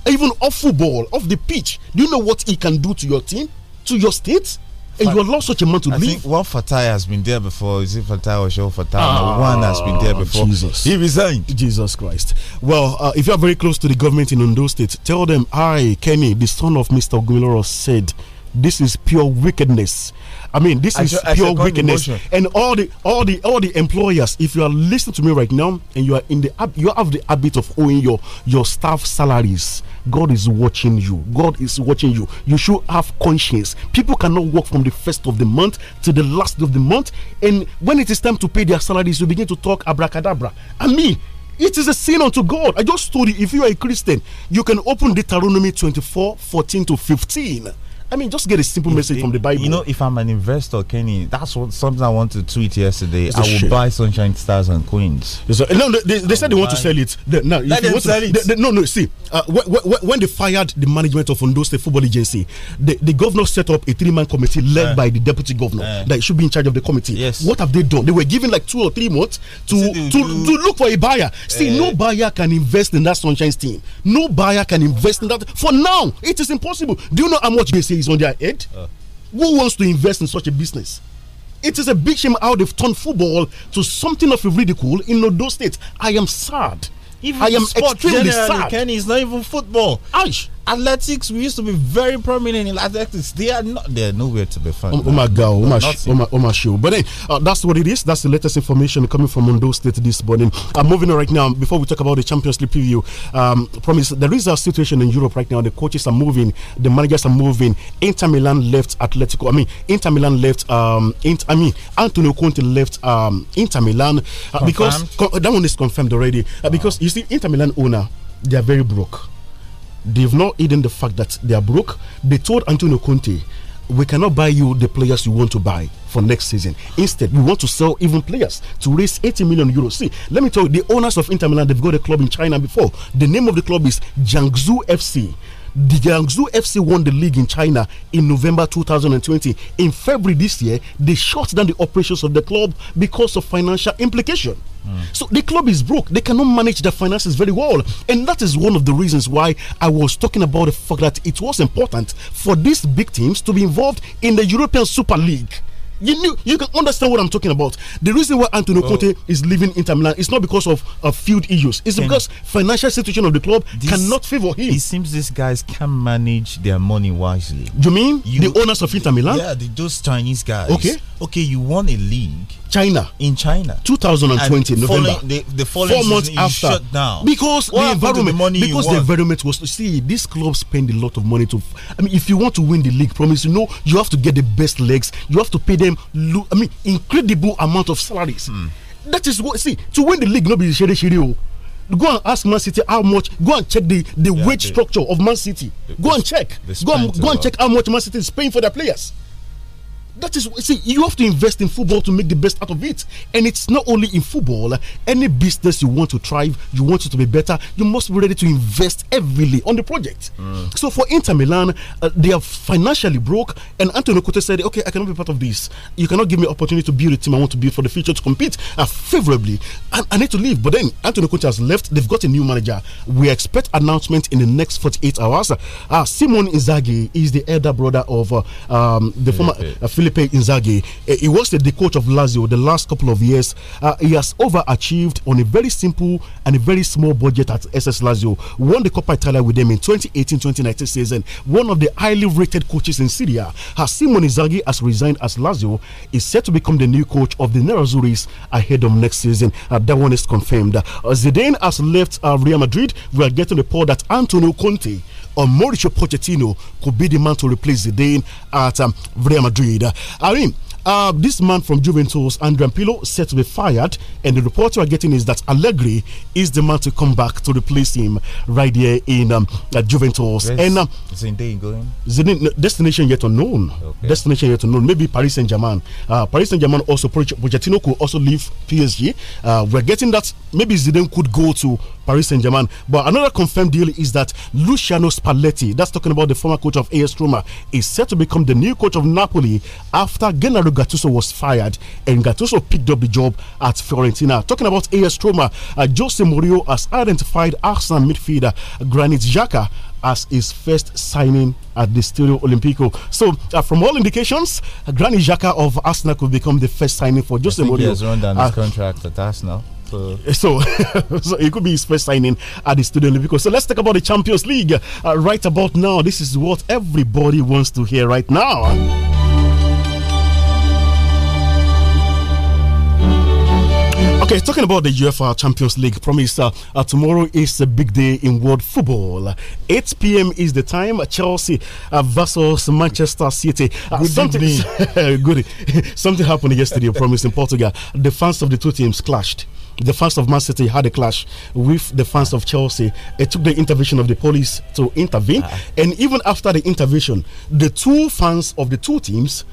S7: Even off football, off the pitch. Do you know what he can do to your team, to your state? and you allow such a man to I leave.
S2: One Fatai has been there before. Is it Fatai or Show Fatai? Ah, one has been there before. Jesus. He resigned. Jesus Christ.
S7: Well, uh, if you are very close to the government in Ondo State, tell them I, Kenny, the son of Mr. Ogumiloro, said this is pure wickedness I mean, this I is pure wickedness. And all the all the all the employers, if you are listening to me right now and you are in the you have the habit of owing your your staff salaries, God is watching you. God is watching you. You should have conscience. People cannot work from the first of the month to the last of the month. And when it is time to pay their salaries, you begin to talk abracadabra. I mean, it is a sin unto God. I just told you, if you are a Christian, you can open Deuteronomy 24 14 to 15 I mean, just get a simple message from the
S2: Bible. You know, if I'm an investor, Kenny, that's what something I want to tweet yesterday. I will shame. buy Sunshine Stars and Queens. So, no, they, they said they want to sell it. They, no, Let them sell to, it. They, they,
S7: no, no. See, uh, wh wh when they fired the management of Ondo State Football Agency, the, the governor set up a three-man committee led uh, by the deputy governor uh, that should be in charge of the committee. Yes. What have they done? They were given like two or three months to to, to, look for a buyer. See, no eh. buyer can invest in that Sunshine team. No buyer can invest in that. For now, it is impossible. Do you know how much they say? is on their head. Uh. Who wants to invest in such a business? It is a big shame how they've turned football to something of a ridicule
S2: in those State. I am sad. Even I am extremely sad. Kenny, it's not even football. Ash athletics we used to be very prominent in athletics they are not they are nowhere to be found oh, oh my god oh my, oh my,
S7: oh my show but then uh, that's what it is that's the latest information coming from Mundo State this morning I'm uh, moving on right now before we talk about the Champions League preview um, promise there is a situation in Europe right now the coaches are moving the managers are moving Inter Milan left Atletico I mean Inter Milan left um, Inter, I mean Antonio Conte left um, Inter Milan uh, because that one is confirmed already wow. Uh, because you see Inter Milan owner they are very broke They've not hidden the fact that they are broke. They told Antonio Conte, we cannot buy you the players you want to buy for next season. Instead, we want to sell even players to raise 80 million euros. See, let me tell you, the owners of Inter Milan, they've got a club in China before. The name of the club is Jiangsu FC the Jiangsu FC won the league in China in November 2020. In February this year, they shut down the operations of the club because of financial implication. Mm. So the club is broke. They cannot manage their finances very well. And that is one of the reasons why I was talking about the fact that it was important for these big teams to be involved in the European Super League. You knew, you can understand what I'm talking about. The reason why Antonio oh. Conte is leaving Inter Milan is not because of a field issues. It's can because financial situation of the club this, cannot favor him. It seems
S2: these guys can manage their money wisely. You mean you, the owners of Inter Milan? Yeah, the, those Chinese guys. Okay. Okay, you won a league China. In China. 2020 and November. the, the four months after. Shut down. Because what the environment. The because the
S7: environment was. See, these clubs spend a lot of money to. I mean, if you want to win the league, promise you know you have to get the best legs. You have to pay them. I mean, incredible amount of salaries. Mm. That is what. See, to win the league, not be shiri shiri oh. go and ask Man City how much. Go and check the, the yeah, wage structure of Man City. go and check. Go and, go uh, and check how much Man City is paying for their players that is see, you have to invest in football to make the best out of it. And it's not only in football, any business you want to thrive, you want it to be better, you must be ready to invest heavily on the project. Mm. So for Inter Milan, uh, they are financially broke, and Antonio Conte said, Okay, I cannot be part of this. You cannot give me opportunity to build a team I want to build for the future to compete uh, favorably. I, I need to leave. But then Antonio Conte has left, they've got a new manager. We expect announcement in the next 48 hours. Uh, Simon Inzaghi is the elder brother of uh, um, the former Philip uh, Pepe Inzaghi. Eh, he was the, coach of Lazio the last couple of years. Uh, he has overachieved on a very simple and a very small budget at SS Lazio. Won the Coppa Italia with them in 2018-2019 season. One of the highly rated coaches in Syria. Hassim Inzaghi has resigned as Lazio. Is set to become the new coach of the Nerazzurris ahead of next season. Uh, that one is confirmed. Uh, Zidane has left uh, Real Madrid. We are getting the report that Antonio Conte or Mauricio Pochettino could be the man to replace Zidane at um, Real Madrid. Uh, àárín uh, this man from Juventus, Andrea Pirlo, set to be fired, and the report you are getting is that Allegri is the man to come back to replace him right here in um, uh, Juventus. And um, uh,
S2: Zinedine going?
S7: Zinedine, destination yet unknown. Okay. Destination yet unknown. Maybe Paris Saint Germain. Uh, Paris Saint Germain also Pochettino could also leave PSG. Uh, we're getting that maybe Zidane could go to Paris Saint Germain. But another confirmed deal is that Luciano Spalletti, that's talking about the former coach of AS Roma, is set to become the new coach of Napoli after Gennaro Gattuso was fired and Gattuso picked up the job at Fiorentina. Talking about AS Roma, uh, Jose Mourinho has identified Arsenal midfielder Granit Xhaka as his first signing at the Stadio Olimpico. So, uh, from all indications, Granit Xhaka of Arsenal could become the first signing for Jose Mourinho. He has run down uh, his
S2: contract at Arsenal. So,
S7: [LAUGHS] so, it [LAUGHS] could be his first signing at the Studio Olympico. So let's talk about the Champions League uh, right about now. This is what everybody wants to hear right now. Okay, talking about the UEFA Champions League, promise uh, uh, tomorrow is a big day in world football. 8 p.m. is the time. Chelsea uh, versus Manchester City. Uh, good something, [LAUGHS] good. [LAUGHS] something happened yesterday, promise, in Portugal. The fans of the two teams clashed the fans of Man City had a clash with the fans of Chelsea. It took the intervention of the police to intervene, uh ah. -huh. and even after the intervention, the two fans of the two teams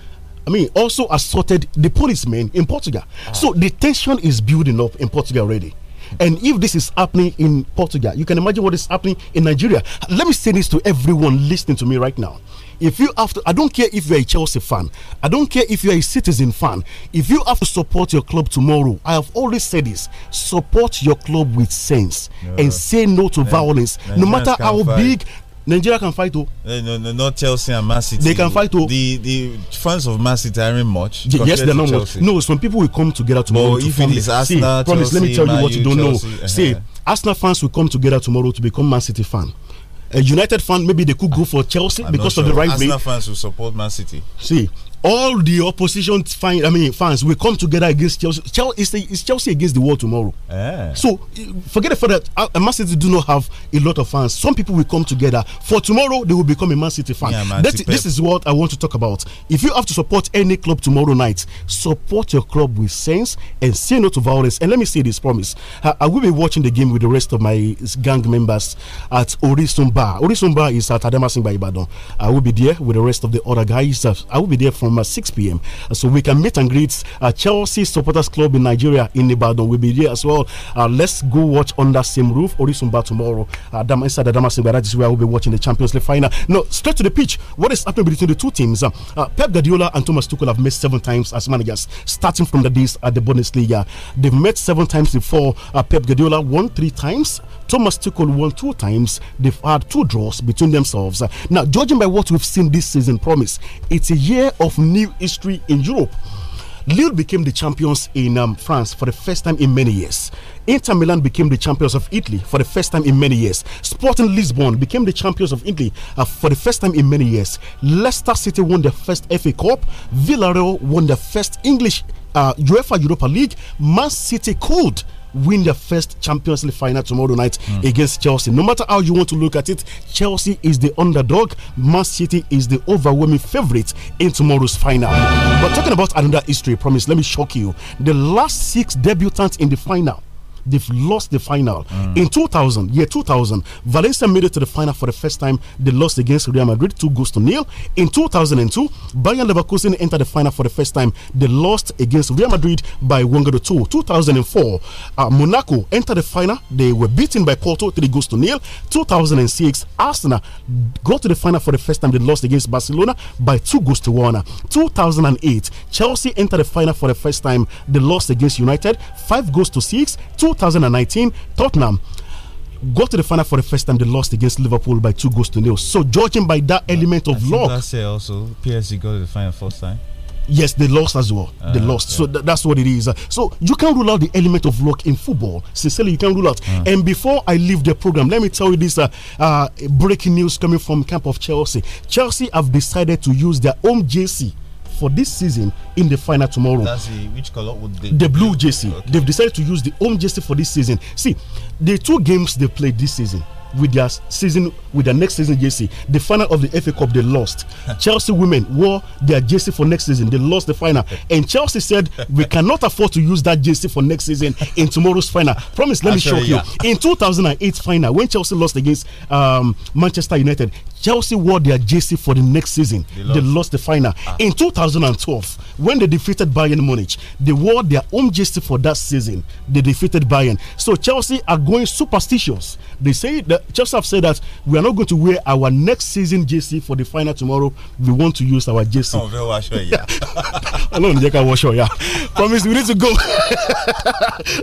S7: I mean, also assaulted the policemen in Portugal. Ah. So the tension is building up in Portugal already. And if this is happening in Portugal, you can imagine what is happening in Nigeria. Let me say this to everyone listening to me right now. If you have to, I don't care if you're a Chelsea fan, I don't care if you're a citizen fan. If you have to support your club tomorrow, I have always said this support your club with sense yeah. and say no to yeah. violence, no matter how big,
S2: Nigeria can fight oh. No, eh, no, no, not Chelsea and Man City. They can fight oh. The the fans of Man City are much. yes, they're not much.
S7: No, some people will come together tomorrow. But to if it is Arsenal, See, Chelsea, promise. Let me tell Man you what you don't Chelsea, know. Uh -huh. See, Arsenal fans will come together tomorrow to become Man City fan. A United fan maybe they could go for Chelsea I'm because sure. of the right Arsenal
S2: fans will support Man City.
S7: See, all the opposition I mean, fans will come together against Chelsea. Chelsea Chelsea against the world tomorrow. Yeah. So forget for that. A Man City do not have a lot of fans. Some people will come together for tomorrow. They will become a Man City fan. Yeah, this is what I want to talk about. If you have to support any club tomorrow night, support your club with sense and say no to violence. And let me say this promise: I, I will be watching the game with the rest of my gang members at Orisun Bar. Orisun Bar is at Adamasin by Ibadan. I will be there with the rest of the other guys. I will be there from from 6 p.m. So we can meet and greet uh, Chelsea Supporters Club in Nigeria in Ibadan. We'll be there as well. Uh, let's go watch under same roof Orisumba tomorrow. Uh, inside the Damascus, that is where we'll be watching the Champions League final. No, straight to the pitch. What is happening between the two teams? Uh, uh, Pep Guardiola and Thomas Tuchel have met seven times as managers, starting from the days at the Bundesliga. They've met seven times before. Pep Guardiola won three times. Thomas Tuchel won two times. They've had two draws between themselves. Now, judging by what we've seen this season, promise it's a year of new history in Europe. Lille became the champions in um, France for the first time in many years. Inter Milan became the champions of Italy for the first time in many years. Sporting Lisbon became the champions of Italy uh, for the first time in many years. Leicester City won their first FA Cup. Villarreal won their first English uh, UEFA Europa League. Man City could win their first Champions League final tomorrow night mm. against Chelsea. No matter how you want to look at it, Chelsea is the underdog, Man City is the overwhelming favorite in tomorrow's final. But talking about another history, I promise, let me shock you. The last six debutants in the final they've lost the final. Mm. In 2000, year 2000, Valencia made it to the final for the first time. They lost against Real Madrid, two goals to nil. In 2002, Bayern Leverkusen entered the final for the first time. They lost against Real Madrid by one goal to two. 2004, uh, Monaco entered the final. They were beaten by Porto, three goals to nil. 2006, Arsenal got to the final for the first time. They lost against Barcelona by two goals to one. 2008, Chelsea entered the final for the first time. They lost against United, five goals to six. 2019, Tottenham got to the final for the first time. They lost against Liverpool by two goals to nil. So judging by that element of luck,
S2: that's also PSG got to the final first time.
S7: Yes, they lost as well. Uh, they ah, lost. Yeah. So th that's what it is. Uh, so you can rule out the element of luck in football. Sincerely, you can rule out. Uh. And before I leave the program, let me tell you this uh, uh, breaking news coming from camp of Chelsea. Chelsea have decided to use their own JC for this season in the final tomorrow. That's
S2: the, which color would they? The
S7: blue jersey. Okay. They've decided to use the home jersey for this season. See, the two games they played this season with their season with their next season jersey. The final of the FA Cup they lost. [LAUGHS] Chelsea women wore their jersey for next season. They lost the final, and Chelsea said we cannot afford to use that jersey for next season in tomorrow's final. Promise, let me show yeah. you. In 2008 final, when Chelsea lost against um, Manchester United, Chelsea wore their jersey for the next season. They lost, they lost the final. Ah. In 2012, when they defeated Bayern Munich, they wore their own jersey for that season. They defeated Bayern. So Chelsea are going superstitious. They say that just have said that we are not going to wear our next season JC for the final tomorrow. We want to use our JC. Oh,
S2: very well, sure, yeah. [LAUGHS]
S7: I know Njeka was sure, yeah. Promise, we need to go.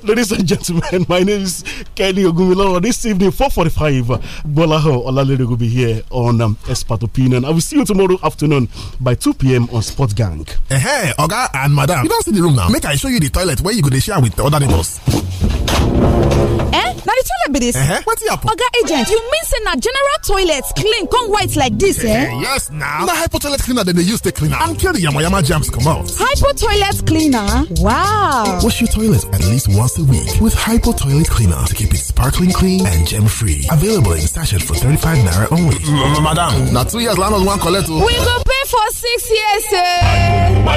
S7: [LAUGHS] Ladies and gentlemen, my name is Kelly Ogumiloro. This evening, 4.45, Bolaho ladies will be here on um, Opinion. I will see you tomorrow afternoon by 2 p.m. on Sport Gang.
S5: Hey, Oga and Madam, you don't see the room now. Make I show you the toilet where you could share with the other neighbors.
S6: eh na the toilet be dis eh uh-huh. wetin happen. oga agent you mean say na general toilets clean come white like this, eh, eh yes
S5: na na hypo toilet cleaner dem dey use take clean am and kill the yamayama germs comot
S6: hypo toilet cleaner wow
S5: wash your toilet at least once a week with hypo toilet cleaner to keep it sparkling clean and germ free available in sachet for thirty-five naira only madam na two years landlord wan collect o oh. we go
S4: pay for six years eh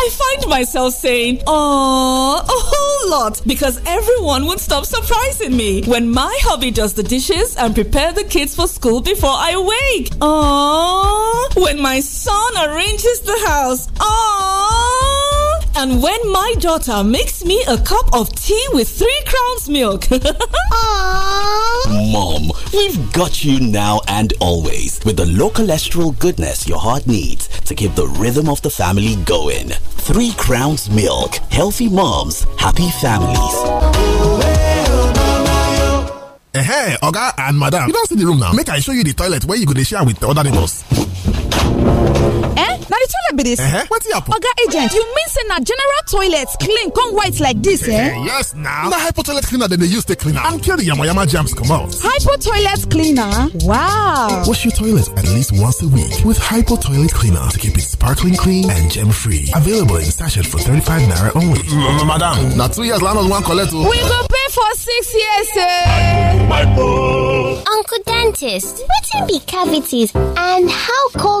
S8: I find myself saying, "Aww, a whole lot," because everyone would stop surprising me when my hubby does the dishes and prepare the kids for school before I wake. Aww, when my son arranges the house. Aww and when my daughter makes me a cup of tea with three crowns milk. [LAUGHS]
S1: Mom, we've got you now and always with the low cholesterol goodness your heart needs to keep the rhythm of the family
S5: going. Three crowns milk. Healthy moms, happy families. Hey, oga and madam you don't see the room now make i show you the toilet where you go share with the other neighbors
S6: eh na the toilet be dis uh-huh. wetin happen. oga agent you mean say na general toilet clean come white like this, eh uh-huh. yes
S5: na na hypo toilet cleaner dem dey use take clean am and kill the yamayama germs comot
S6: hypo toilet cleaner wow
S5: wash your toilet at least once a week with hypo toilet cleaner to keep it sparkling clean and gem free available in sachet for 35 naira only madam na two years landlord wan collect o oh. we go
S4: pay for six years eh uncle dentist wetin be cavities and how cold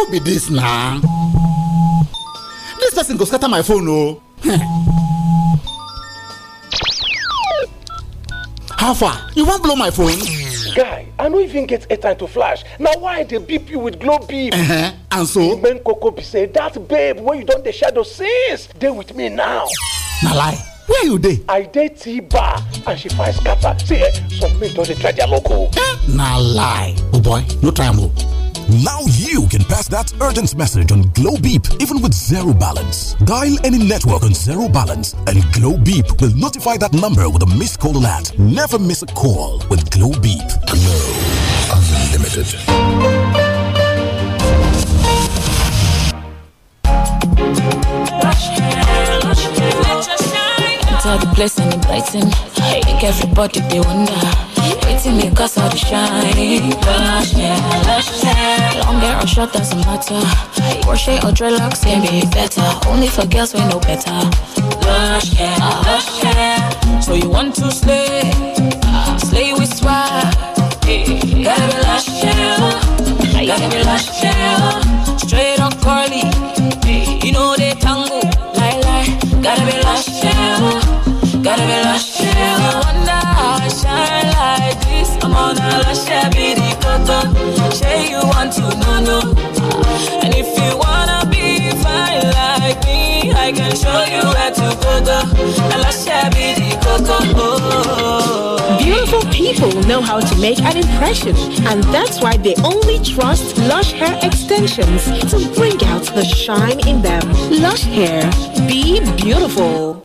S7: who be this na This person go scatter my phone o oh. [LAUGHS] how far you wan blow my phone guy i no even get airtime to flash na why i dey beep you with glow beep -huh. and so the main koko be say dat babe wey you don dey shadow since dey with me now na lie where you dey i dey tea bar and she find scatter say eh,
S3: some men don dey try their local oh.
S7: eh na lie oh boy no try am o oh. now
S12: you can pass that urgent message on Glow Beep even with zero balance. Dial any network on zero balance and Glow Beep will notify that number with a missed call alert. Never miss a call with Glow Beep.
S5: Glow Unlimited
S8: all the blessing and blessing. Make everybody be wonder. Waiting me cause all the shine. Lush, yeah, lush, yeah. Long hair or short doesn't matter. Crochet or dreadlocks can be better. Only for girls we know better. Lush, yeah, lush, yeah. So you want to slay? Slay with swag. Gotta be lush, yeah. Gotta be lush, yeah. Straight or curly. You know they tango. Lie, lie. Gotta be lush, yeah. Gotta be lush, yeah. I wonder how I shine like this. I'm on a lush, yeah, be the cotton. Say you want to know, no. And if you wanna be fine like me, I can show you
S6: where to go, go. A lush, yeah, be the cotton. Oh. Beautiful people know how to make an impression, and that's why they only trust Lush Hair Extensions to bring out the shine in them. Lush Hair, be beautiful.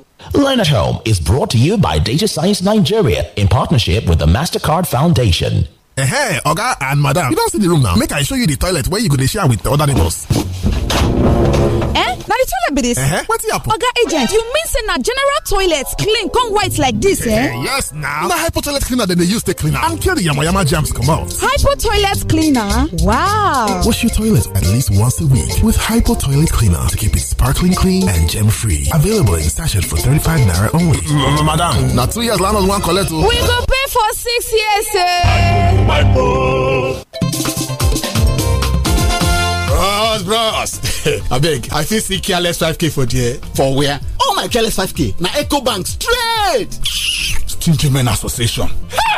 S6: Learn at Home is brought to you by
S5: Data Science Nigeria in partnership with the MasterCard Foundation. Hey, Oga and Madam, you don't see the room now. Make I show you the toilet where you could share with the other neighbors
S6: eh na di toilet this. dis eh uh-huh. wetin happen. oga agent you mean say na general toilets clean come white like
S5: this, eh, eh? yes now. na hypo toilet cleaner than they use to clean am kidding, yamaya jams come out. hypo toilet cleaner wow wash your toilet at least once a week with hypo toilet cleaner to keep it sparkling clean and gem free available in sachet for 35 naira only madam now two years land on one coletto. we go
S4: pay for six years eh
S5: bros bros [LAUGHS] abeg i fit
S7: see careless five k for there for where all my careless five k na ecobank straight
S9: student women association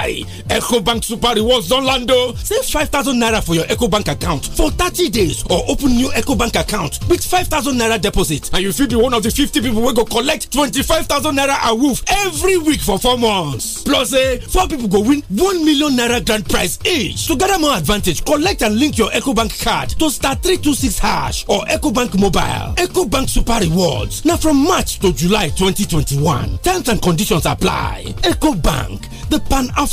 S9: buy ecobank super rewards don land o save five thousand naira for your ecobank account for thirty days or open new ecobank account with five thousand naira deposit and you fit be one of the fifty people wey go collect twenty-five thousand naira awoof every week for four months plus eh four people go win one million naira grand prize each to gather more advantage collect and link your ecobank card to start three two six hash or ecobank mobile ecobank super rewards na from march to july twenty twenty one terms and conditions apply ecobank the pan african.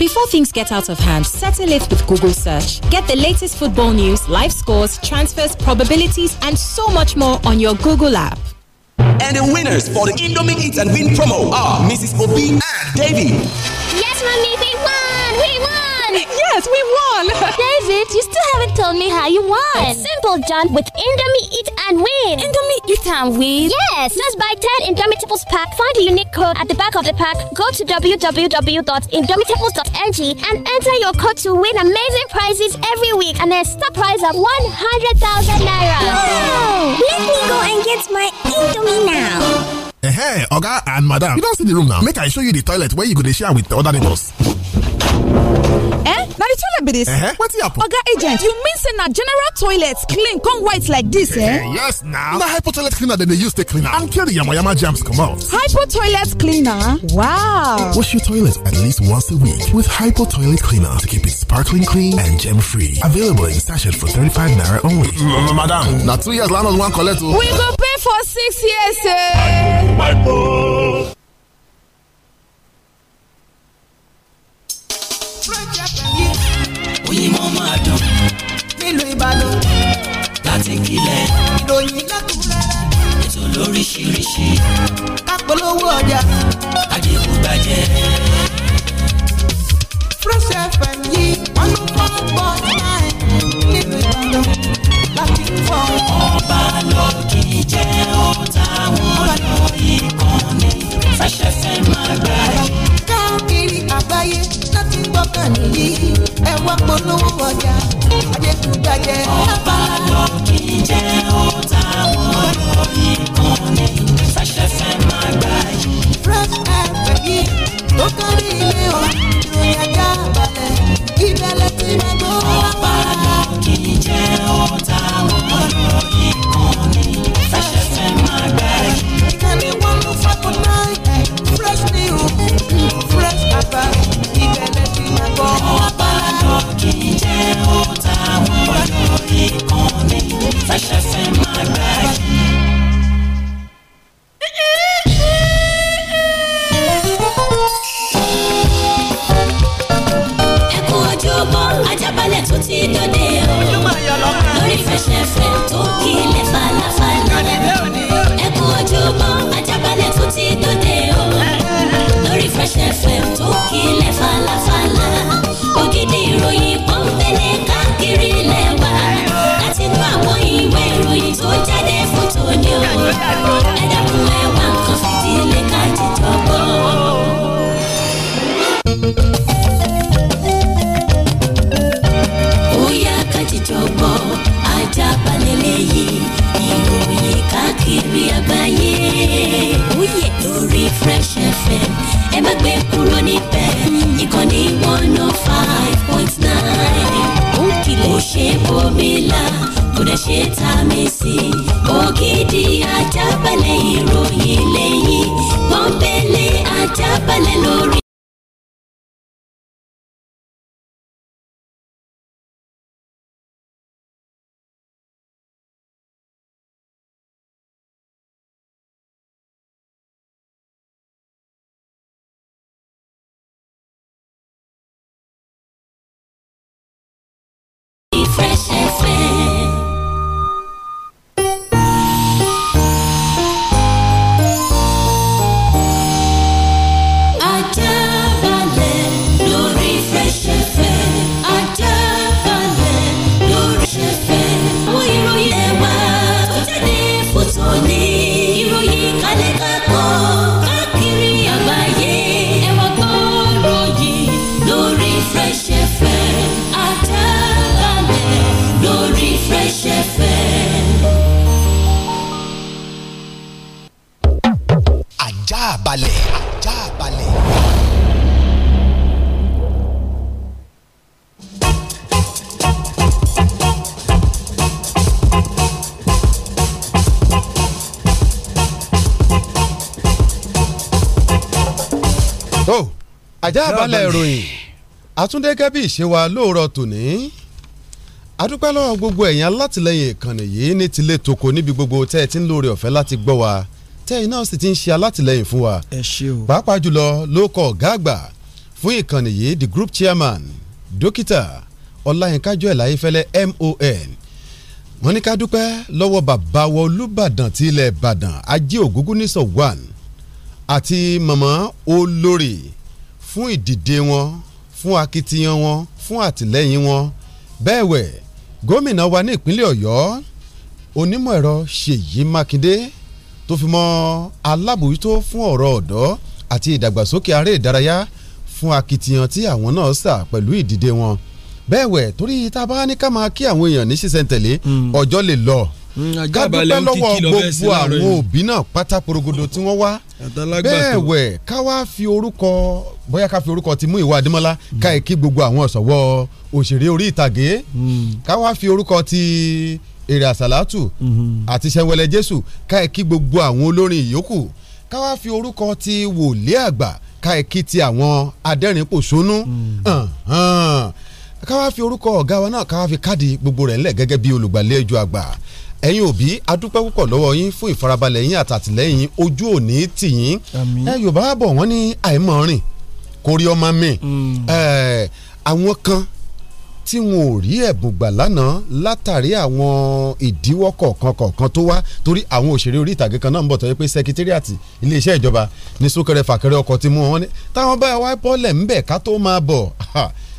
S6: Before things get out of hand, settle it with Google search. Get the latest football news, live scores, transfers, probabilities, and so much more on your Google app.
S1: And the winners for the Indomie Eat and Win promo are Mrs. Obi and Davy.
S4: Yes, mommy, we won! We won! won! Yes, we won! [LAUGHS] David, you still haven't told me how you won! It's simple, John. With Indomie Eat and Win! Indomie Eat and Win? Yes! Just buy 10 tables pack, find the unique code at the back of the pack, go to www.indomitables.ng and enter your code to win amazing prizes every week and a stock prize of 100,000 Naira! Wow! Let me go and get my Indomie now!
S5: hey, Oga and Madam, you don't see the room now. Make I show you the toilet where you could share with the other neighbors
S6: eh na the toilet be dis eh uh-huh. oga agent you mean say na general toilets clean come white like this, eh, eh yes
S5: na The hypo toilet cleaner than they use to clean am and kill the yamayama come out.
S6: hypo toilet cleaner wow
S5: wash your toilet at least once a week with hypo toilet cleaner to keep it sparkling clean and gem free available in sachet for 35 naira only madam Now two years land wan one o oh. we go
S4: pay for six years eh
S3: láti
S8: kílẹ̀. ìròyìn lẹ́kùnrẹ́rẹ́. ètò lóríṣiríṣi.
S3: kápolówó ọjà. àdéhùn gbàjẹ́. Fresh FM yìí one oh four point nine
S8: nínú Ìbàdàn láti fọ́. ọba lọ kì í jẹ́ ọ̀tá wọn lọ ìkànnì Fresh FM máa gbà káàkiri àgbáyé láti gbọ́kàn nìyí ẹ wá polówó ọjà ajẹkùgbàjẹ. ọba lọ kì í jẹ́ ọ̀tá wọn lórí ìkànnì ṣàṣẹfẹ́ máa gbà yìí. fresh air pẹ̀lú tó kárí ilé ọ̀ ìròyìn ajá balẹ̀ ìbẹ̀lẹ̀ tí wọ́n gbọ́. ọba bàbá ìbẹ̀lẹ̀ ti máa bọ̀. ọba jẹ́ ọ̀tá àwọn ìkànnì máa gbá yìí. ajábalẹ̀ tó ajábalẹ̀ tó ti dòde. Fresh FM tó kílẹ̀ falafala ògidì ìròyìn kan fẹ́lẹ̀ káàkiri lẹ́wà láti inú àwọn ìwé ìròyìn tó jáde fún tòní o ẹ dákun ẹ wá nǹkan fìdílé ká jíjọ gbọ́. ó yá ajá balẹ̀ lẹ́yìn ìròyìn káàkiri àgbáyé lórí Fresh FM ẹ má gbé kúrò níbẹ̀ ìkànnì one oh five point nine. ó kìlẹ̀ ó ṣe bòmílà kò dẹ̀ ṣe tà mí sí. ògidì ajábalẹ̀ ìròyìn lẹ́yìn pọ́npẹ́lẹ́ ajábalẹ̀ lórí. fresh
S11: àtúndé gẹ́bí ìṣe wa lóòrọ̀ tòní adúpẹ́ lọ́wọ́ gbogbo ẹ̀yin alátìlẹyìn ìkànnì yìí ní tilé toko níbi gbogbo tẹ́ ẹ ti ń lóore ọ̀fẹ́ láti gbọ́ wa tẹ́ ẹ̀yin náà sì ti ń ṣe alátìlẹyìn fún wa pàápàá jùlọ ló kọ ọ̀gá àgbà fún ìkànnì yìí the group chairman dókítà ọláyínká joel ayéfẹ́lẹ́ mon wọ́n ní ká dúpẹ́ lọ́wọ́ bàbá wa olùbàdàn ti ilẹ̀ ìbàdàn ajé ògúngún nísọ̀ one àti màmá olórí fún ìdìde wọn fún akitiyan wọn fún àtìlẹ́yìn wọn bẹ́ẹ̀ wẹ̀ gómìnà wa ní ìpínlẹ̀ ọ̀yọ́ onímọ̀ ẹ̀rọ ṣèyí mákindé tó fi mọ́ alábòójútó fún ọ̀rọ̀ ọ̀dọ́ àti ìdàgbàsókè aré ìdárayá fún akitiyan tí àwọn náà sà pẹ̀lú ìdìde wọn bẹ́ẹ̀ wẹ̀ torí tá a bá ní ká máa kí àwọn èèyàn ní ṣísẹ̀ntẹ̀lé hmm. ọjọ́ lè lọ.
S9: Mm, ká dúpẹ́ lọ́wọ́ gbogbo àwọn òbí
S11: náà pátá porogodo tí wọ́n wá bẹ́ẹ̀ wẹ̀ ká wá fi orúkọ bóyá ká fi orúkọ ti mú ìwà Adémọ́lá ká ẹ̀ kí gbogbo àwọn ọ̀sọ̀wọ́ òṣèré orí ìtàgé mm. ká wá fi orúkọ ti èrè àsàlátù mm-hmm. àti sẹ́wẹ́lẹ́ Jésù ká ẹ̀ kí gbogbo àwọn olórin ìyókù ká wá fi orúkọ ti wòlé àgbà ká ẹ̀ kí ti àwọn adẹ́rìnpòṣónú mm. ká wá fi orúkọ ọ̀gá wa náà ká wá fi káàdì gbogbo rẹ̀ ńlẹ̀ gẹ́gẹ́ bí olùgbàlejò àgbà ẹ̀yin òbí adúpẹ́ púpọ̀ lọ́wọ́ yín fún ìfarabalẹ̀ yín àtàtìlẹ́yìn ojú òní tì yín ẹ yorùbá bọ̀ wọ́n ní àìmọ̀ rìn kò rí ọmọ mi hmm. àwọn kan tí wọn ò rí ẹ̀bùn gbà lánàá látàrí àwọn ìdíwọ́ kọ̀ọ̀kan kọ̀ọ̀kan tó wá torí àwọn òṣèré orí ìtàgé kan náà ń bọ̀ tó pé sẹkítírìàtì iléeṣẹ́ ìjọba ní súnkẹrẹ fàkẹrẹ ọkọ̀ ti mú wọn táwọn báyà wáyé pọ́lẹ̀ ńbẹ̀ ká tó máa bọ̀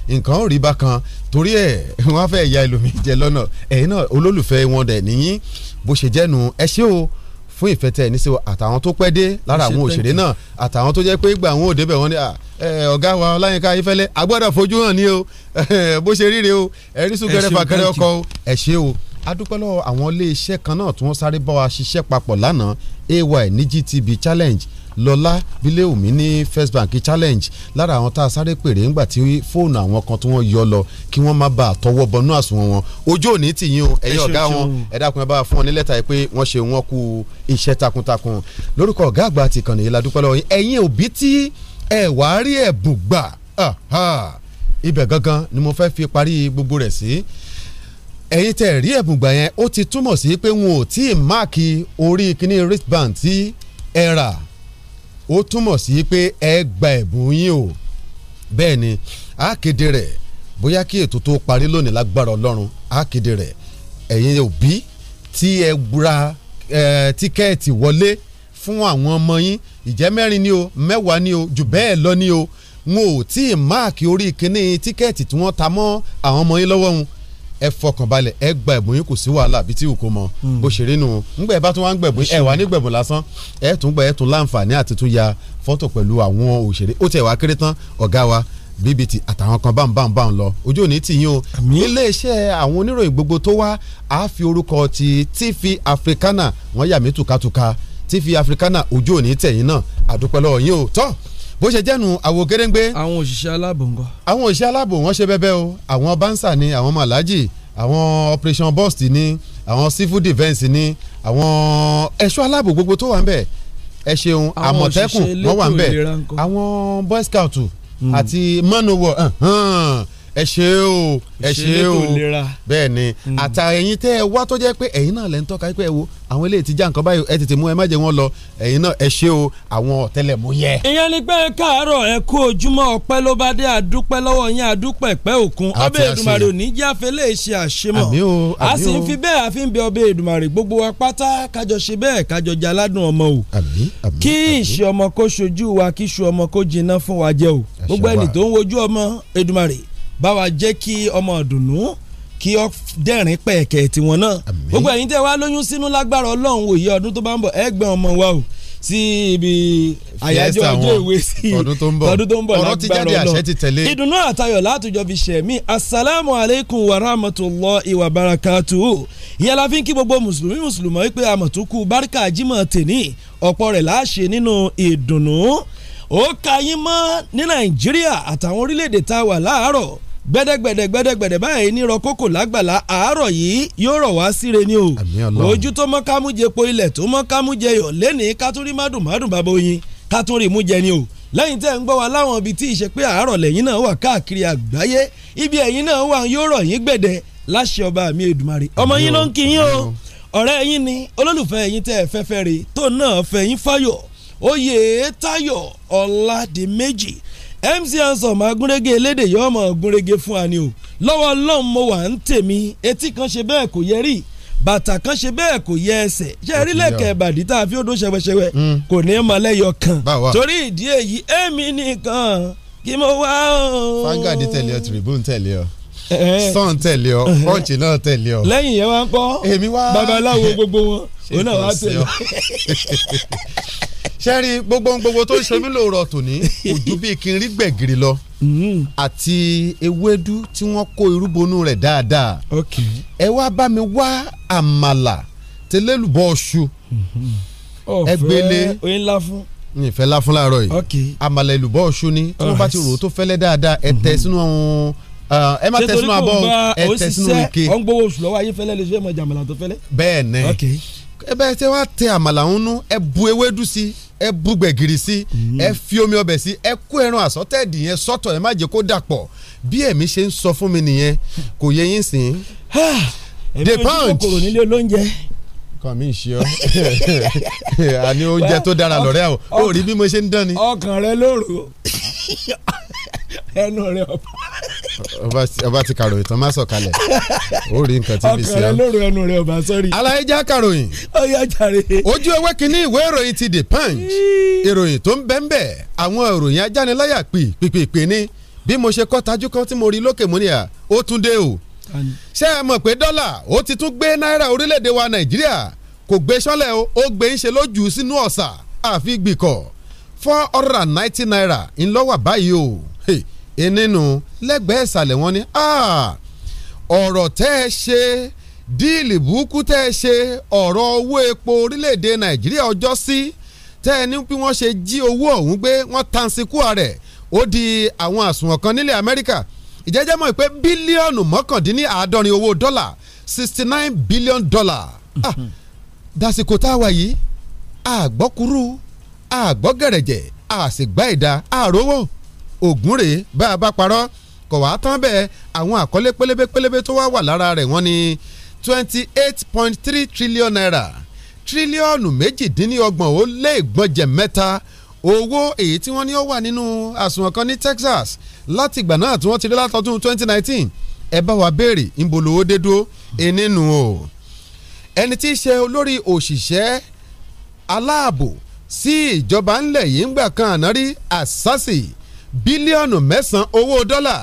S11: nǹkan ò rí bákan torí ẹ̀ wọ́n fẹ́ ya ẹlòmíì jẹ lọ́nà ẹ̀yin náà olólùfẹ́ wọn dẹ̀ níyìn bó ṣe jẹ́nu ẹ ṣé o fún ìfẹ́ tẹ̀ ní sí àtàwọn tó pẹ́ dé lára àwọn òṣèré náà àtàwọn tó jẹ́ pé ìgbà àwọn òde bẹ̀ wọ́n ní ọ̀gá wa ọláyínká ayífẹ́lẹ́ agbọ́dọ̀ fojú hàn ní o [LAUGHS] bó ṣe ríre o ẹ̀rí sùn kẹrẹfà kẹrẹ ọkọ o ẹ ṣé o adúpẹ́lọ́ àwọn iléeṣẹ́ kan náà tí wọ́n sáré bá wa ṣiṣẹ́ papọ̀ lánàá ay ní gtb challenge lọ́lá bíléwùmí ní first bank challenge lára àwọn tá a sáré pèrè ńgbà tí fóònù àwọn kan tí wọ́n yọ lọ kí wọ́n má bàa tọwọ́ bọnú àsùnwọ̀n wọn ojú òní tì yín o ẹ̀yin ọ̀gá wọn ẹ̀dá kun ẹ bá fún ọ ní lẹ́tà yìí pé wọ́n ṣe wọ́n kú iṣẹ́ takuntakun lórúkọ ọ̀gá àgbà ti kàn nìyí ladúpẹ́ ẹ̀yin òbí tí ẹ̀ wá rí ẹ̀bùn gbà ibẹ̀ gangan ni mo fẹ́ fi parí gbogbo rẹ̀ sí ẹ̀yin tẹ̀ rí ẹ̀bùn gbà yẹn ó ti túmọ̀ sí pé wọn ò tí ì máàkì orí kíní wristband tí ẹ rà ó túmọ̀ sí pé ẹ gba ẹ̀bùn yín o bẹ́ẹ̀ ni a kéde rẹ̀ bóyá kí ètò tó parí lónìí lágbára ọlọ́run a kéde rẹ̀ ẹ̀yin òbí tí ẹ ra tíkẹ́ẹ̀tì wọlé fún àwọn ọmọ yín ìjẹ́ mẹ́rin ni o mẹ́wàá ni o jù bẹ́ẹ̀ lọ ni o wọn ò tí ì máàkì orí kíní tíkẹ́ẹ̀tì tí wọ́n ta mọ́ àwọn ọmọ yín lọ́wọ́ wọn ẹ fọkànbalẹ̀ ẹ gba ẹ̀bùn yín kò sí wàhálà àbí tí kò mọ bó ṣe rí nù ńgbà ẹ bá tún wá ń gbẹ̀bùn ẹ wà ní gbẹ̀bùn lásán ẹ tún gbà ẹ tún láǹfààní àti tún ya fọ́tò pẹ̀lú àwọn òṣèré ó tẹ̀ wá kéré tán ọ̀gá wa bbt àtàwọn kan bá ń bá ń bá ń lọ ojú òní tì yín o iléeṣẹ́ àwọn oníròyìn gbogbo tó wá a fi orúkọ ti TV Africana wọ́n yà mí tùkàtùkà TV Africana ojú òní tẹ̀yìn náà àdúpẹ́ lọ́wọ́ yín o tán bó ṣe jẹ́nu àwo géréngbé. àwọn òṣìṣẹ́ aláàbò ń gọ. àwọn òṣìṣẹ́ aláàbò wọ́n ṣe bẹ́bẹ́ o àwọn bánsà ni àwọn màlájì àwọn operation burst ni àwọn civil defence ni àwọn ẹ̀ṣọ́ aláàbò gbogbo tó wà ń bẹ̀ ẹ ṣeun àmọ̀tẹ́kùn wọ́n wà ń bẹ̀ àwọn boy scout hmm. àti manowar ẹ ṣe o ẹ ṣe o bẹ́ẹ̀ ni hmm. àtàrà ẹ̀yin tẹ́ ẹ wá tó jẹ́ pé ẹ̀yin náà lẹ́ ń tọ́ka pé ẹ wo àwọn eléyìí ti já nǹkan báyìí ẹ tètè mú ẹ má jẹ́ wọn lọ ẹ̀yin náà ẹ ṣe o àwọn ọ̀tẹlẹ̀múyẹ́.
S9: ìyẹn ni pé káàárọ̀ ẹ kú ojúmọ́ ọpẹ́ ló bá dé àdúpẹ́ lọ́wọ́ yín àdúpẹ́ pẹ́ òkun ọbẹ̀ Èdùmàrè ò ní jẹ́ àfẹlẹ́ ṣe àṣemọ̀ a sì ń fi bẹ́ẹ̀ àfi ń bẹ ọbẹ̀ Èdùmàrè gbogbo wa pátá kájọ ṣe bẹ́ẹ̀ kájọ jẹ aládùn ọmọ o kí ìṣe ọmọ kó ṣojú wa kí ṣu ọmọ kó jiná fún wa jẹ o gbogbo ẹni tó ń wojú ọmọ Èdùmàrè bá wa jẹ́ kí ọmọ ìdùnnú kí ọ dẹ́rìn pẹ̀kẹ́ tiwọn náà gbogbo ẹ̀yin tẹ́ wá lóyún sínú lágbára ọlọ́run òye ọdún tó bá ń bọ̀ ẹ gbé ọmọ wa o sí ibi àyájọ́ ọjọ́ ìwé sí ọdún tó ń bọ̀ lágbára ọlọ́run ọ̀rọ̀ ti jáde àṣẹ ti tẹ̀lé. ìdùnnú àtayọ̀ látùjọ fi ṣẹ̀mí asalaamu aleykum wa rahmatulahi wa barakatu ìyẹn la fi ń kí gbogbo mùsùlùmí mùsùlùmọ́ pé àmọ̀túnkù báríkà jímọ̀ tèní ọ̀pọ̀ rẹ̀ láṣẹ nínú ìdùnnú ó kayín mọ́ ní nàìjíríà àtàwọn orílẹ̀-èdè tá a wà láàárọ̀ gbẹ́dẹ́gbẹ́dẹ́ gbẹ́dẹ́gbẹ́dẹ́ báyìí nírọ̀ kókò lágbàlá àárọ̀ yìí yóò rọ̀ wá síre ni o ojú tó mọ́ kámújẹ po ilẹ̀ tó mọ́ kámújẹ yọ̀ lẹ́nìí kátúrí mádùnmádùn bàbá oyin kátúrí mú jẹ ni o lẹ́yìn tẹ́ ń gbọ́ wa láwọn ibi tí ìṣe pé àárọ̀ lẹ́yìn náà wà káàkiri àgbáyé ibi ẹ̀yìn náà wà yóò rọ̀ yín gbẹ̀dẹ̀ láṣẹ ọba mi Èdùmàrè ọmọ yín ló ń kí yín o ọ̀rẹ́ yín ni olólùfẹ́ yín tẹ́ fẹ́fẹ́ rè tó náà fẹ́ yín fáyọ̀ oyè tayo ọ̀làdìmẹ́jì MC Ansom agúnrégé elédè yọ ọmọ agúnrégé fún wa ni o lọ́wọ́ ọlọ́run mo wà ń tèmi etí kan ṣe bẹ́ẹ̀ kò yẹ rí bàtà kan ṣe bẹ́ẹ̀ kò yẹ ẹsẹ̀ ṣe rí lẹ́kẹ̀ ìbàdí tá a fi odò ṣẹwẹṣẹwẹ hmm. kò ní í mọ̀lẹ́yọ kan
S11: torí ìdí èyí èmi nìkan kí mo wá o. fangadi tẹ̀lé ọ Tribune tẹ̀lé ọ Sun tẹ̀lé ọ Punch náà tẹ̀lé ọ. lẹ́yìn yẹn wá ń kọ́ babaláwo gbogbo wọn òun náà wá tẹ̀lé sẹ́rí [LAUGHS] gbogbo gbogbo tó ń ṣe mí lóòrọ̀ tòní kò ju bíi kí n rí gbẹ̀gìrì lọ mm-hmm. àti ewédú tí wọ́n kó irúgbónú rẹ̀ dáadáa ẹ wá bá mi wá àmàlà tẹlẹ́lùbọ́ mm-hmm. ọṣù ẹgbẹ́lé oyin ńlá fún ìfẹ́ láfún láàárọ̀ yìí àmàlà ìlùbọ́ ọṣù ni tí wọ́n bá ti rò ó tó fẹ́lẹ́ dáadáa ẹ tẹ̀ mm-hmm. sínú ọ̀hún ẹ má tẹ̀ sínú abọ́ ẹ tẹ̀ sínú ike. ṣé torí kò oṣù lọ́wọ́ ayé fẹ́lẹ́ lè ṣe é mọ jàmàlà tó fẹ́lẹ́. bẹ́ẹ̀ ni ẹ bẹ́ẹ̀ tẹ́ wá tẹ àmàlà ń nú ẹ bu ewédú sí ẹ bu gbẹ̀gìrì sí ẹ mm-hmm. fi omi ọbẹ̀ sí ẹ kó ẹran àsọtẹ́ẹ̀dì yẹn sọ́tọ̀ ẹ má jẹ́ kó dàpọ̀ bí ẹ̀mí ṣe ń sọ fún mi nìyẹn kò yẹ yín sìn. the pound kàn mí ṣe ọ àní [LAUGHS] oúnjẹ tó dára lọ́rẹ́ àwọn
S9: ó rí bí mo ṣe ń dán ni. ọkàn rẹ lóru ẹnu rẹ ọba
S11: ọba ti kàròyìn tán má sọ kalẹ̀ ó rí nǹkan tí bí sí ọ. ọkàn rẹ lóru ẹnu rẹ ọba sọrí. aláìjá kàròyìn. ọyá jàre. ojú ewé kínní ìwé ìròyìn ti the punch ìròyìn tó ń bẹ́ẹ̀ bẹ́ẹ̀ àwọn ìròyìn ajániláyà pì pìpìpì ni bí mo ṣe kọ́ tajú kan tí mo rí lókè mú ni à ó tún dé o. ṣé ẹ mọ̀ pé dọ́là ó ti tún gbé náírà orílẹ̀-èdè wa nàìjíríà kò gbé sọ́lẹ̀ o ó gbé ń ṣe lójú sínú ọ̀sà àfi gbìkọ̀ four hundred and ninety naira ńlọ́wà báyìí o. Hey nínú lẹ́gbẹ̀ẹ́ ìsàlẹ̀ wọn ni ah, ọ̀rọ̀ tẹ́ ẹ ṣe díìlì burúkú tẹ́ ẹ ṣe ọ̀rọ̀ owó epo orílẹ̀-èdè nàìjíríà ọjọ́ sí tẹ́ ẹ ní bí wọ́n ṣe jí owó ọ̀hún gbé wọ́n tansikú rẹ̀ ó di àwọn àsùnwọ̀n kan nílẹ̀ amẹ́ríkà ìjẹ́jẹ́ mọ̀ pé bílíọ̀nù mọ́kàndínláàádọ́rin owó dọ́là sixty nine billion dollar mhm. ah, dasìkò tá a wà yìí àgbọ́kúrú àgbọ́gẹ̀rẹ̀jẹ̀ àsìgbà ìdá àrówó ògùn rèé bá a bá parọ́ kò wá tán bẹ́ẹ̀ àwọn àkọlé pélébé pélébé tó wá wà lára rẹ̀ wọ́n ní twenty eight point three trillion naira tírílíọ̀nù méjìdínlọ́gbọ̀n ó lé ìgbọ̀njẹ̀ mẹ́ta owó èyí tí wọ́n ní ó wà nínú àsùnwọ̀n kan ní Texas láti ìgbà náà tí wọ́n ti rí látọdún twenty nineteen ẹ bá wa béèrè níbo lówó dé dúró ẹnìnú o ẹni tí í ṣe olórí òṣìṣẹ́ aláàbò sí ìjọba ńlẹ̀ yìí ń gbà kan àná rí àṣàṣì bílíọ̀nù mẹ́sàn-án owó dọ́là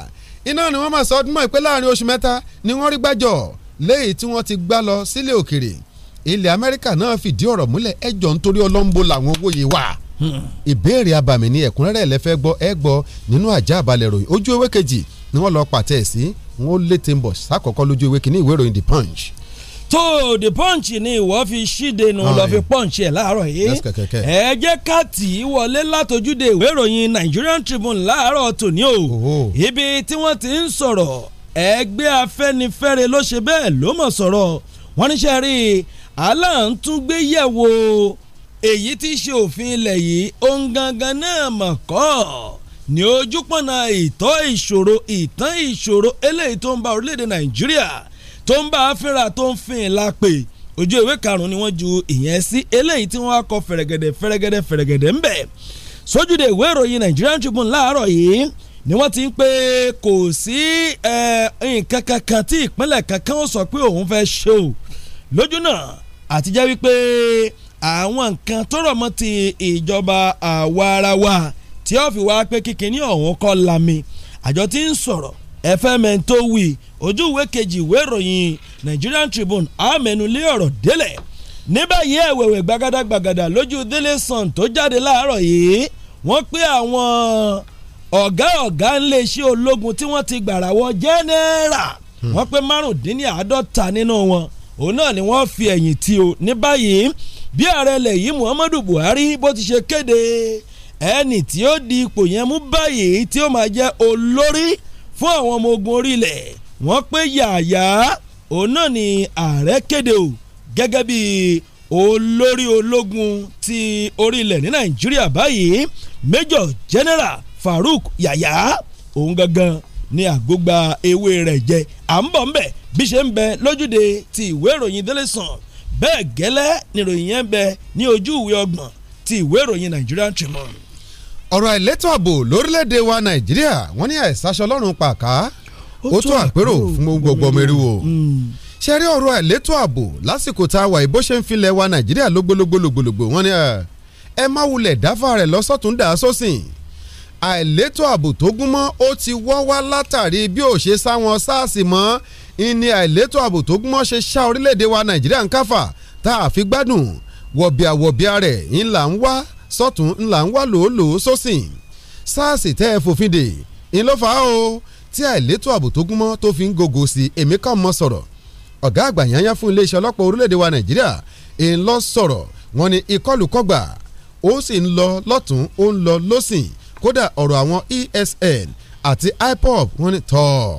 S11: iná ni wọ́n máa sọ ọdún mọ́ ìpè láàrin oṣù mẹ́ta ni wọ́n rí gbàjọ léyìí tí wọ́n ti gbá lọ sílẹ̀ òkèrè ilẹ̀ Amẹ́ríkà náà fìdí ọ̀rọ̀ múlẹ̀ ẹjọ́ nítorí ọlọ́mbo làwọn owó yìí wà. ìbéèrè abàmì ni ẹ̀kúnrẹ́rẹ́ ẹ̀lẹ́fẹ́ gbọ́ ẹ gbọ́ nínú àjà àbálẹ̀ ròyìn ojú ewé kejì ni wọ́n lọ pàtẹ́ sí wọ́n lé tèmbọ̀ sákọ̀ọ́kọ́ lójú ewé kìíní ìwé ìròyìn The Punch
S9: tó the punch ni ìwọ fi ṣíde nu lọ fi punch ẹ láàárọ̀ yìí ẹ jẹ́ ká tì í wọlé látọjúde ìwé ìròyìn Nigerian Tribune láàárọ̀ tòní o ibi tí wọ́n ti ń sọ̀rọ̀ ẹgbẹ́ Afẹ́nifẹ́re ló ṣe bẹ́ẹ̀ ló mọ̀ sọ̀rọ̀ wọ́n níṣẹ́ rí i aláǹtúngbéyẹ̀wò èyí tí í ṣe òfin ilẹ̀ yìí ohun gangan náà mọ̀ kọ́ ní ojúpọ̀nà ìtọ́ ìṣòro ìtàn ìṣòro eléyìí tó ń ba orílẹ̀-èdè Nàìjíríà tó ń bá a fínra tó ń fin ìlà pè ojú ìwé karùn-ún ni wọ́n ju ìyẹn sí eléyìí tí wọ́n á kọ fẹ̀rẹ̀gẹ̀dẹ̀ fẹ̀rẹ̀gẹ̀dẹ̀ fẹ̀rẹ̀gẹ̀dẹ̀ ńbẹ̀ sójúde ìwé ìròyìn Nigerian Tribune láàárọ̀ yìí ni wọ́n ti ń pé kò sí nǹkan kankan tí ìpínlẹ̀ kankan ó sọ pé òun fẹ́ ṣe o lójú náà àti jẹ́ wípé àwọn nǹkan tó rọ̀ mọ́ ti ìjọba àwa ara wa tí ó fi wá pé kíkiní ọ̀hún kọ́ lami àjọ tí ń sọ̀rọ̀ fmn tó wí ojú ìwé kejì ìwé ìròyìn Nigerian Tribune àmẹnulé ọ̀rọ̀ délẹ̀ ní báyìí ẹ̀wẹ̀wẹ̀ gbagadagbagada lójú Daily Sun tó jáde láàárọ̀ yìí wọ́n pé àwọn ọ̀gá ọ̀gá ńlẹ̀ṣẹ́ ológun tí wọ́n ti gbàrà wọ jẹ́nẹ́rà hmm. wọ́n pé márùndínláàádọ́ta nínú wọn òun náà ni wọ́n fi ẹ̀yìn tì o ní báyìí bí ààrẹ ilẹ̀ yìí Muhammadu Buhari bó ti ṣe kéde ẹni tí ó di ipò yẹn mú báyìí tí ó máa jẹ́ olórí fún àwọn ọmọ ogun orílẹ̀ wọ́n pé yàyà òun náà ni ààrẹ kéde o gẹ́gẹ́ bí olórí ológun ti orílẹ̀ ní nàìjíríà báyìí major general farouk yàyà òun gangan ni àgbógba ewé rẹ̀ jẹ à ń bọ̀ ń bí ṣe ń bẹ lójúde ti ìwé ìròyìn Daily Sun bẹ́ẹ̀ gẹ́lẹ́ níròyìn yẹn ń bẹ ní ojú ìwé
S11: ọgbọ̀n ti ìwé ìròyìn Nigerian Tribune ọ̀rọ̀ àìlétò ààbò lórílẹ̀‐èdè wa nàìjíríà wọ́n ní àìsàṣọ ọlọ́run pàká ó tó àpérò fún gbogbo ọmọ eriwo ṣe rí ọ̀rọ̀ àìlétò ààbò lásìkò tá a wà bó ṣe ń filẹ̀ wa nàìjíríà lógbólógbólógbòlógbò wọ́n ní ẹ má wulẹ̀ dáfà rẹ̀ lọ́sọ̀tún dà á sósìn àìlétò ààbò tó gún mọ́ ó ti wọ́ wá látàrí bí ó ṣe sá wọn sáàsì mọ́ ìní àìlétò ààbò tó gún mọ́ ṣe ṣá orílẹ̀‐èdè wa nàìjíríà ń káfà tá a fi gbádùn wọ̀bìàwọ̀bìà rẹ̀ ńlá ń wá sọ́tún ńlá ń wá lòólòó sósìn sars tẹ́ ẹ fòfin dè ń ló fà á o tí àìletò ààbò tó gúnmọ́ tó fi ń gògò sí èmi kan mọ́ sọ̀rọ̀ ọ̀gá àgbà yányá fún iléeṣẹ́ ọlọ́pàá orílẹ̀-èdè wa nàìjíríà ń lọ sọ̀rọ̀ wọn ni ìkọlùkọgbà ó sì ń lọ lọ́tún ó ń lọ lọ́sìn kódà ọ̀rọ̀ àwọn ESN àti IPOB wọn ni tọ́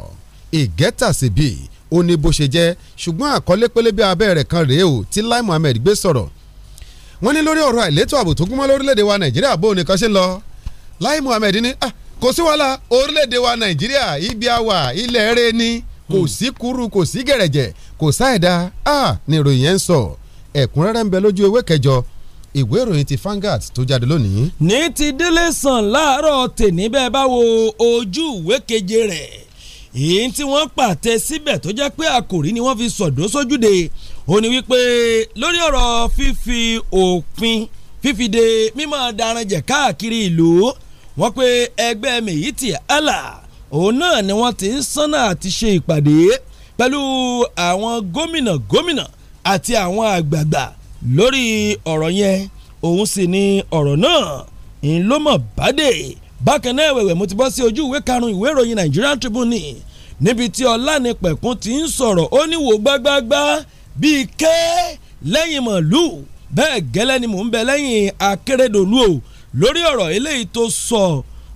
S11: ìgẹ́tàsíbì ó ní bó ṣe jẹ́ ṣùgbọ́n àkọlé pélébé abẹ́ kan rèé o tí Lai Muhammed gbé sọ̀rọ̀ wọ́n ní lórí ọ̀rọ̀ àìlétò ààbò tó gúnmọ́ lórílẹ̀‐èdè wa nàìjíríà bó nìkan ṣe lọ láì muhammed ní ah, kò sí wàhálà orílẹ̀‐èdè wa nàìjíríà ibi àwà ilẹ̀ rẹ ni kò hmm. sí kúrú kò sí gẹ̀rẹ̀jẹ̀ kò sáìdá ah, ni ìròyìn yẹn ń sọ ẹ̀kúnrẹ́rẹ́ ń bẹ lójú ewé kẹjọ ìwé ìròyìn ti Vanguard tó jáde lónìí.
S9: ní ti délé sàn láàárọ̀ tèmi bẹ́ẹ̀ bá wo ojú ìwé keje rẹ̀ yìí tí wọ́n pàtẹ síbẹ̀ tó jẹ́ pé àkòrí ni wọ́n fi sọ̀dọ́ sójúde ó ní wípé lórí ọ̀rọ̀ fífi òpin fífi de mímọ́ daranjẹ̀ káàkiri ìlú wọ́n pe ẹgbẹ́ mèyítì àlà òun náà ni wọ́n ti ń sánà àti ṣe ìpàdé pẹ̀lú àwọn gómìnà gómìnà àti àwọn àgbààgbà lórí ọ̀rọ̀ yẹn òun sì ni ọ̀rọ̀ náà ń ló bákan náà ẹ̀wẹ̀wẹ̀ mo ti bọ́ sí ojú ìwé karùn-ún ìwé ìròyìn Nigerian Tribune ni níbi tí Ọlánipẹ̀kún ti ń sọ̀rọ̀ ó ní wò gbágbágbá bíi ké lẹ́yìn mọ̀lú bẹ́ẹ̀ gẹ́lẹ́ ni mò ń bẹ lẹ́yìn Akérédolú o lórí ọ̀rọ̀ eléyìí tó sọ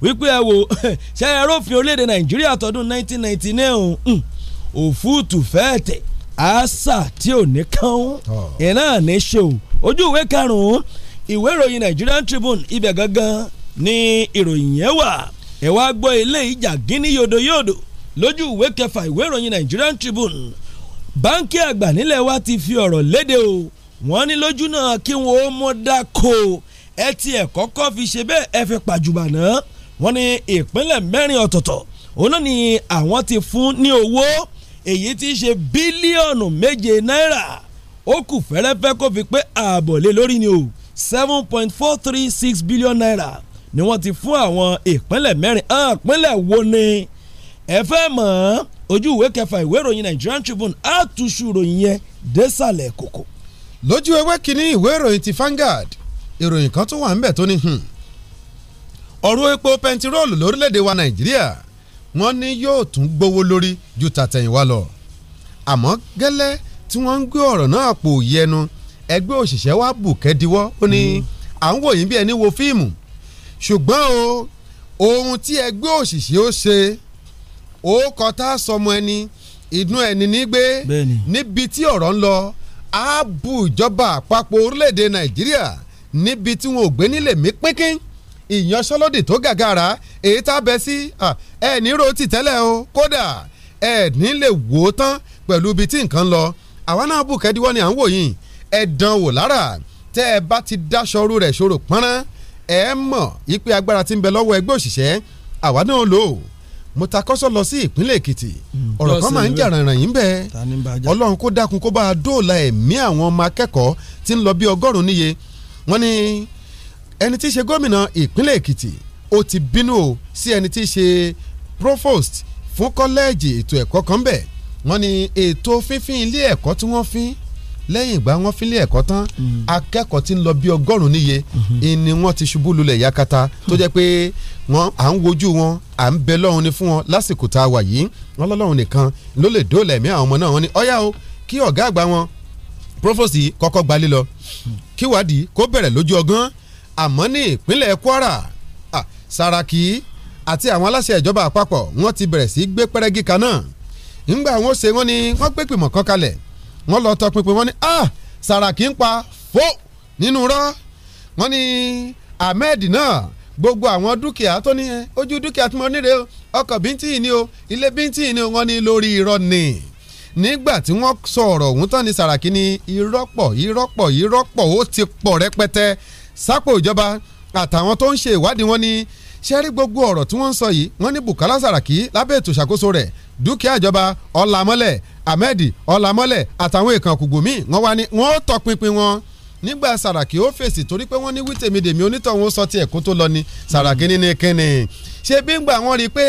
S9: wípé ẹ wo [LAUGHS] ṣe ẹ rófin orílẹ̀-èdè Nàìjíríà tọdún 1999 hmm. òfúùtù fẹ́ẹ̀ tẹ̀ àṣà tí ò ní kán ìnáà ní ṣe o ojú ìwé karùn-ún ìwé ìròyìn Nigerian Tribune ibẹ̀ gangan ni ìròyìn yẹn wà ẹ wá gbọ́ ilé ìjà gíní yòdò yòdò lójú ìwé kẹfà ìwé ìròyìn Nigerian Tribune báńkì àgbà nílẹ̀ wa ti fi ọ̀rọ̀ léde o wọ́n ní lójú náà kí wọ́n ó mọ̀ dáko ẹ ti ẹ̀ kọ́kọ́ fi ṣe bẹ́ẹ̀ ẹ fi pàjùbà náà wọ́n ní ìpínlẹ̀ mẹ́rin ọ̀tọ̀ọ̀tọ̀ òun náà ni àwọn ti fún ní owó èyí tí í ṣe bílíọ̀nù méje náírà ó kù fẹ́rẹ́fẹ́ kó fi pé ààbọ̀ lé lórí ni o seven point four three six billion naira ni wọ́n ti fún àwọn ìpínlẹ̀ mẹ́rin hàn ah, pínlẹ̀ wo ni ẹ fẹ́ mọ̀ ọ́n ojú ìwé kẹfà ìwé ìròyìn Nigerian Tribune àtúnṣu
S11: ìròyìn yẹn désàlẹ̀ kòkò. lójú ewé kínní ìwé ìròyìn ti Vanguard ìròyìn kan tó wà ń bẹ̀ tó ní hmm. ọ̀rọ̀ epo bẹntiróòlù lórílẹ̀‐èdè wa Nàìjíríà wọ́n ní yóò tún gbówó lórí ju tàtẹ̀yìnwá lọ àmọ́ gẹ́lẹ́ tí wọ́n ń gbé ọ̀rọ̀ náà pò yẹnu ẹgbẹ́ òṣìṣẹ́ wa bù kẹ́díwọ́ ó ní hmm. à ń wò bí ẹni wo fíìmù ṣùgbọ́n o ohun tí ẹgbẹ́ òṣìṣẹ́ ó ṣe ó kọ tá a sọmọ ẹni inú ẹni nígbé níbi tí ọ̀rọ̀ ń lọ á bu ìjọba àpapọ̀ orílẹ̀‐èdè nàìjíríà níbi tí wọn ò gbé nílẹ̀ mí pínpín ìyanṣẹ́lódì tó gàgàrà èyí tá a bẹ sí ẹ ní ro ti tẹ́lẹ̀ o kódà ẹ ní lè wò ó tán pẹ̀lú ibi tí nǹkan lọ àwa náà bù kẹ́díwọ́ ni à ń wò yìí ẹ dán wò lára tẹ́ ẹ bá ti dáṣọrú rẹ̀ ṣòro pọ́nrán ẹ mọ̀ ipe agbára tí ń bẹ lọ́wọ́ ẹgbẹ́ òṣìṣẹ́ àwa náà lò ó mo ta kọ́sọ́ lọ sí ìpínlẹ̀ èkìtì hmm. ọ̀rọ̀ kan máa ń jà ràǹràn yín bẹ́ẹ̀ ọlọ́run kó dákun kó bá a dóòlà ẹ̀mí àwọn ọmọ akẹ́kọ̀ọ́ tí ń lọ bí ọgọ́rùn-ún níye wọ́n ní ẹni tí í ṣe gómìnà ìpínlẹ̀ èkìtì ó ti bínú o sí ẹni tí í ṣe provost fún kọ́lẹ́ẹ̀jì ètò ẹ̀kọ́ kan bẹ́ẹ̀ wọ́n ní ètò fífín ilé ẹ̀kọ́ tí wọ́n fín lẹ́yìn ìgbà wọn fílé ẹ̀kọ́ tán mm-hmm. akẹ́kọ̀ọ́ ti ń lọ bí ọgọ́rùn-ún níye mm-hmm. ni wọ́n ti ṣubú lulẹ̀ yakata tó jẹ́ pé wọ́n à ń wojú wọn à ń bẹ lọ́hùn ni fún wọn lásìkò tá a wà yìí wọ́n lọ́lọ́hùn nìkan ló lè dóòlà ẹ̀mí àwọn ọmọ náà wọ́n ní ọ̀yá o kí ọ̀gá àgbà wọn prófòsì kọ́kọ́ gbalé lọ kíwádìí kó bẹ̀rẹ̀ lójú ọgán àmọ́ ní ìpínlẹ̀ Kwara Sàràkí àti àwọn aláṣẹ ìjọba àpapọ̀ wọ́n ti bẹ̀rẹ̀ sí gbé pẹ́rẹ́gì kan náà ńgbà wọn ṣe wọn ni wọ́n gbé pìmọ̀ kan wọ́n lọ tọpinpin wọ́n ní ah Sàràkí ń pa fó nínú rọ́ wọ́n ní Ahmed náà gbogbo àwọn dúkìá tó ní ojú dúkìá tí mo níre o ọkọ̀ bíntín ni o ilé bíntín ni o wọ́n ní lórí irọ́ ni nígbà tí wọ́n sọ ọ̀rọ̀ ọ̀hún tán ni Sàràkí ní irọ́pọ̀ irọ́pọ̀ irọ́pọ̀ ó ti pọ̀ rẹpẹtẹ sápò ìjọba àtàwọn tó ń ṣe ìwádìí wọn ni ṣé rí gbogbo ọ̀rọ̀ tí wọ́n ń sọ yìí wọ́n ní Bùkálá Sàràkí lábẹ́ ètò ìṣàkóso rẹ̀ dúkìá ìjọba ọ̀làmọ́lẹ̀ Ahmed ọ̀làmọ́lẹ̀ àtàwọn èèkàn kùgbòmí wọ́n wá ní wọ́n tọpinpin wọn nígbà Sàràkí ó fèsì torí pé wọ́n ní wí tèmídèmí onítọ̀hún ó sọ tiẹ̀ kó tó lọ ni Sàràkí ní ní kínní ṣé bí ngbà wọ́n rí i pé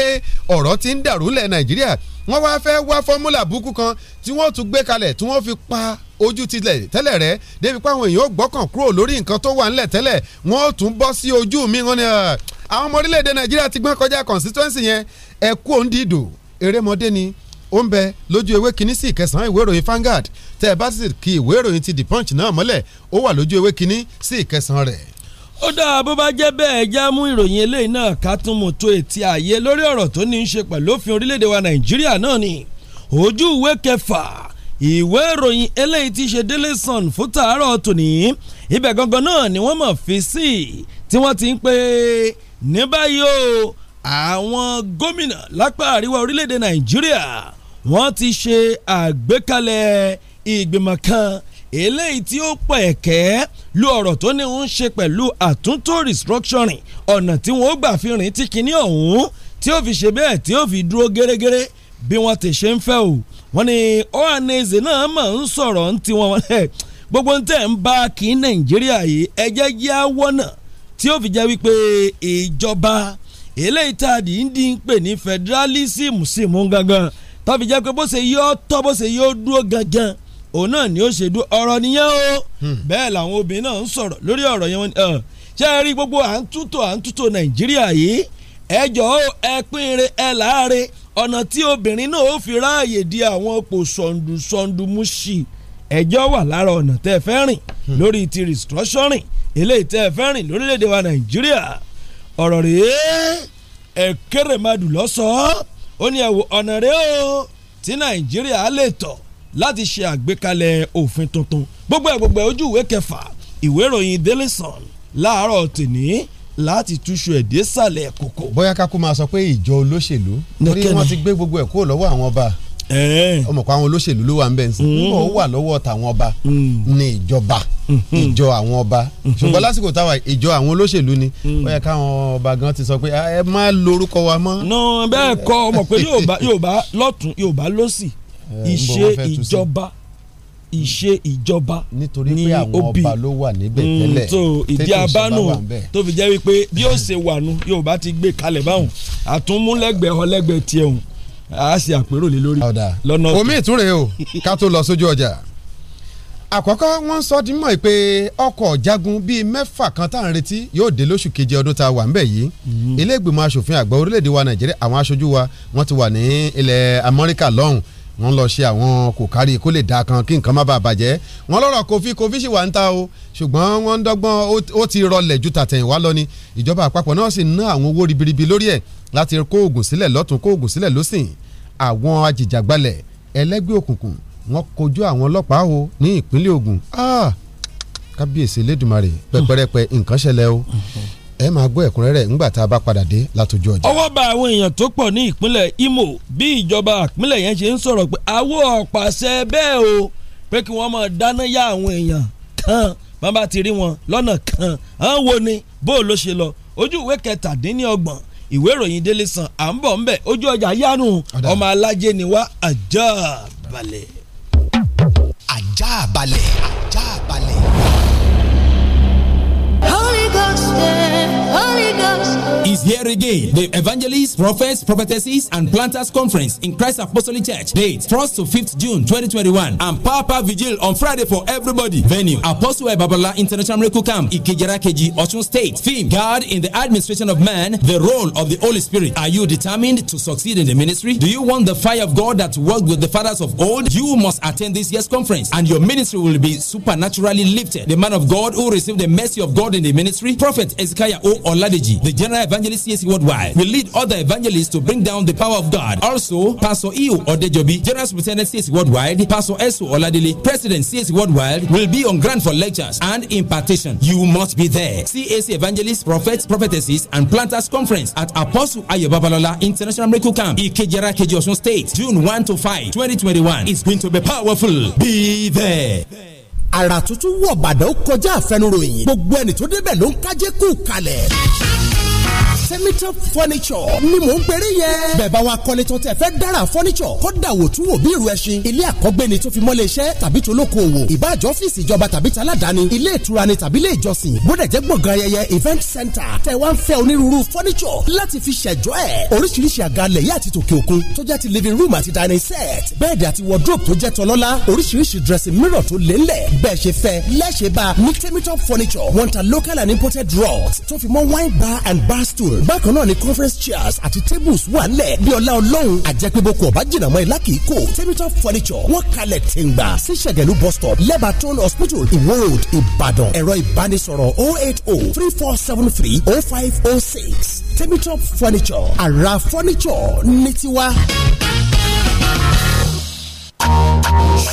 S11: ọ̀rọ̀ ti ń dàrú lẹ̀ Nàìjíríà wọ́n wá fẹ́ wá fọ́múlà búkú kan tí wọ́n tún gbé kalẹ̀ tí wọ́n fi pa ojú tilẹ̀ tẹ́lẹ̀ rẹ̀ débi pé àwọn èèyàn ó gbọ́kàn kúrò lórí nǹkan tó wà ńlẹ̀ tẹ́lẹ̀ wọ́n ó tún bọ́ sí ojú mi wọ́n ní àwọn ọmọ orílẹ̀-èdè Nàìjíríà ti gbọ́n kọjá constituency yẹn ẹ̀kú òǹdìdò erémọdé ni ó ń bẹ lójú ewé kínní sí ìkẹsàn-án ìwé ìròyìn Vanguard tẹ́ ẹ bá sì kí ìwé ìròyìn ti The Punch náà mọ́lẹ̀ ó wà lójú ewé kínní sí ìkẹsàn-án rẹ̀. ó dáa bó bá jẹ́ bẹ́ẹ̀ já mú ìròyìn eléyìí náà ká tún mú tó etí ààyè lórí ọ̀rọ̀
S9: tó ní í ṣe pẹ̀lú òfin orílẹ̀-èdè wa Nàìjíríà náà ni ojú ìwé kẹfà ìwé ìròyìn eléyìí ti ṣe Daily Sun fún tàárọ̀ tòní ibẹ̀ gangan náà ni wọ́n mọ̀ fi sí tí wọ́n ti ń pè ní báyìí o àwọn gómìnà lápá àríwá orílẹ̀-èdè nàìjíríà wọ́n ti ṣe àgbékalẹ̀ ìgbìmọ̀ kan eléyìí tí ó pọ̀ ẹ̀kẹ́ lu ọ̀rọ̀ tó ní ń ṣe pẹ̀lú àtúntò restructuring ọ̀nà tí wọ́n gbà fi rìn tí kinní ọ̀hún tí ó fi ṣe bẹ́ẹ̀ tí ó fi dúró gẹ́rẹ́gẹ́rẹ́ bí wọ́n ti ṣe ń fẹ́ o wọ́n ní Ohanaeze náà máa ń sọ̀rọ̀ ń tiwọn wọn ẹ̀ gbogbo ń tẹ̀ ń bá kí Nàìjíríà yìí ẹjẹ́ jẹ́ àwọ̀nà tí ó fi jẹ́ wípé ìjọba eléyìí tá a dì í di ń pè ní federalism sì mú gangan tó fi jẹ́ pé bó ṣe yọ tọ́ bó ṣe yọ dúró gangan òun náà ni ó ṣe dú ọ̀rọ̀ nìyẹn o hmm. bẹ́ẹ̀ làwọn obìnrin náà ń sọ̀rọ̀ lórí ọ̀rọ̀ yẹn wọn ni ṣé ẹ rí gbogbo à ń tútò à ń tútò nàìjíríà yìí ẹ jọ̀ọ́ ẹ pínre ẹ láre ọ̀nà tí obìnrin náà ó fi ráàyè di àwọn òpó sọ̀ǹdù sọ̀ǹdù mú sí ẹjọ́ wà lára ọ̀nà tẹ́ fẹ́ rìn hmm. lórí ti restructuring eléyìí tẹ́ fẹ́ rìn lórílẹ̀‐èdè wa nàìjíríà ọ̀rọ̀ rèé ẹ̀kẹ́rẹ̀màdù lọ́sọ̀ọ́ ó ní ẹ̀wò ọ̀nà rèé o tí nàìjíríà lè tọ̀ láti ṣe àgbékalẹ̀ òfin tuntun gbogbo ẹ̀ gbogbo ẹ̀ ojú ìwé kẹfà ìwé ìròyìn Daily Sun
S11: láàárọ̀ tèní láti túṣu ẹ̀ dé sàlẹ̀ kòkò. bóyá ká máa sọ pé ìjọ olóṣèlú torí wọ́n ti gbé gbogbo ẹ̀ kúrò lọ́wọ́ àwọn ọba ọmọ eh. pa àwọn olóṣèlú ló wà ń bẹ̀ ń sìn nígbà ó wà lọ́wọ́ tàwọn ọba mm. ní ìjọba mm-hmm. ìjọ àwọn ọba mm-hmm. ṣùgbọ́n lásìkò táwa ìjọ àwọn olóṣèlú ni mm. ó yẹ káwọn ọba gan ti sọ pé ah, ẹ má lorúkọ wa mọ́. nà bẹ́ẹ̀ kọ́ ọmọ pé Yorùbá lọ́tún Yorùbá lọ́sì eh, ìṣe ìjọba
S9: ìṣe ìjọba ní òbí nítorí pé àwọn ọba ló wà níbẹ̀ mm, tẹ́lẹ̀ tó ìdí abánú tó fi jẹ́ wípé bí ó ṣe wà nù Yorùbá ti gbé kalẹ̀ báwọn àtúnmúlẹ́gbẹ̀ẹ́
S11: ọlẹ́gbẹ̀ẹ́ tiẹ̀ hùn a ṣe àpérò lé lórí. lọ́nà òkè omi ìtúre o ká tó lọ sójú ọjà. àkọ́kọ́ wọ́n sọ di mọ̀ pé ọkọ̀ jagun bíi mẹ́fà kan tá à ń retí yóò dé lóṣù keje ọdún tá a wà ń bẹ̀ yìí mhm. ilé ìgbìmọ̀ asòfin àgbà orílẹ̀-èdè wa nàìjíríà àwọn aṣojú wa wọ́n ti wà ní ilẹ̀ amẹ́ríkà lọ́hùn wọ́n lọ ṣe àwọn kò kárí kó lè da kan kí nǹkan má bàa bàjẹ́ wọ́n lọ́rọ̀ kofi kofi sì wà ń ta o ṣùgbọ́n wọ́n ń dọ́gbọ́n ó ti rọlẹ̀ ju tàtẹ̀yìnwá lọ ni ìjọba àpapọ̀ náà sì ná àwọn owó ribiribi lórí ẹ̀ láti kó oògùn sílẹ̀ lọ́tún kó oògùn sílẹ̀ lọ́sìn àwọn ajìjàgbalẹ̀ ẹlẹ́gbẹ́ òkùnkùn wọ́n kojú àwọn ọlọ́pàá o ní ìpínlẹ̀ Ògùn ah! kábíyèsí Elédùmarè pẹpẹrẹpẹ nǹkan ṣẹlẹ̀ o ẹ máa gbọ́ ẹ̀kúnrẹ́rẹ́ ńgbà tá a bá padà dé látọjú ọjà.
S9: ọwọ́ bá àwọn èèyàn tó pọ̀ ní ìpínlẹ̀ Imo bí ìjọba ìpínlẹ̀ yẹn ṣe ń sọ̀rọ̀ pé àwọn ọ̀pàṣẹ bẹ́ẹ̀ o pé kí wọ́n máa dáná yá àwọn èèyàn kan bá bá ti rí wọn lọ́nà kan à wo ni bó ló ṣe lọ ojú ìwé kẹtàdínlọ́gbọ̀n ìwé ìròyìn délé sàn à ń bọ̀ ńbẹ̀ ojú ọjà yánu ọmọ alájẹ ni wá ajá balẹ̀. ajá balẹ̀ ajá balẹ̀.
S8: Holy Ghost
S9: is here again. The Evangelists, Prophets, Prophetesses, and Planters Conference in Christ Apostolic Church. Date 1st to 5th June 2021. And Papa Vigil on Friday for everybody. Venue Apostle Babala International Miracle Camp, Ikejara Keji, Osun State. Theme God in the Administration of Man, the role of the Holy Spirit. Are you determined to succeed in the ministry? Do you want the fire of God that worked with the fathers of old? You must attend this year's conference and your ministry will be supernaturally lifted. The man of God who received the mercy of God in the ministry, Prophet Ezekiah O. Oladeji, the General Evangelist CSC Worldwide, will lead other evangelists to bring down the power of God. Also, Pastor Iyo Odejobi, General Superintendent CSC Worldwide, Pastor Esu Oladili, President CSC Worldwide, will be on ground for lectures and impartation. You must be there. CAC Evangelists, Prophets, Prophetesses, and Planters Conference at Apostle Ayo International Miracle Camp, Ikejara, Keji State, June 1 to 5, 2021. It's going to be powerful. Be there àrà tuntun wọ̀ bàdàn kọjá àfẹnuròyìn gbogbo ẹni tó débẹ̀
S7: ló ń kájé kú kalẹ̀. Semitop furniture ni mò ń pèrè yẹn. bẹ́ẹ̀ bá wa kọ́lé tó tẹ̀ fẹ́ dára furniture kódà wò tún wò bí irú ẹṣin ilé àkọ́gbé ni tó fi mọ́lé iṣẹ́ tàbí tó lóko òwò ìbáàjọ́ ọ́fíìsì ìjọba tàbí taládàáni ilé ìtura ni tàbí ilé ìjọsìn bódà jẹ́ gbọ̀ngàn ayẹyẹ event center tẹ̀ wá ń fẹ́ onírúurú furniture láti fi ṣẹ̀jọ́ ẹ̀ oríṣiríṣi àga lẹ̀ yá àti tòkè òkun tó jẹ́ ti living room àti dining set bẹ́ẹ̀dì àti wardrobe tó jẹ́ tọlọ́lá oríṣiríṣi dressing mirror tó lé ńlẹ̀ bẹ́ẹ̀ ṣe fẹ́ lẹ́ṣẹ̀ bá ní Temitop furniture wọ́n ta local and imported rugs tó fi mọ́ wine bar and bar stool ọ̀tún. bákan náà ni conference chairs àti tables wà lẹ̀ bí ọlá ọlọ́run àjẹpéboko ọ̀bá jìnnà mọ́ ilá kìí kò tẹ́mítọ́ furniture wọ́n kalẹ̀ tẹ̀ǹgbà sí ṣẹ̀gẹ̀lú bus stop lebaton hospital iwo road ìbàdàn ẹ̀rọ ìbánisọ̀rọ̀ oh eight oh three four seven three oh five oh six tẹ́mítọ́ furniture àrà furniture ní tiwa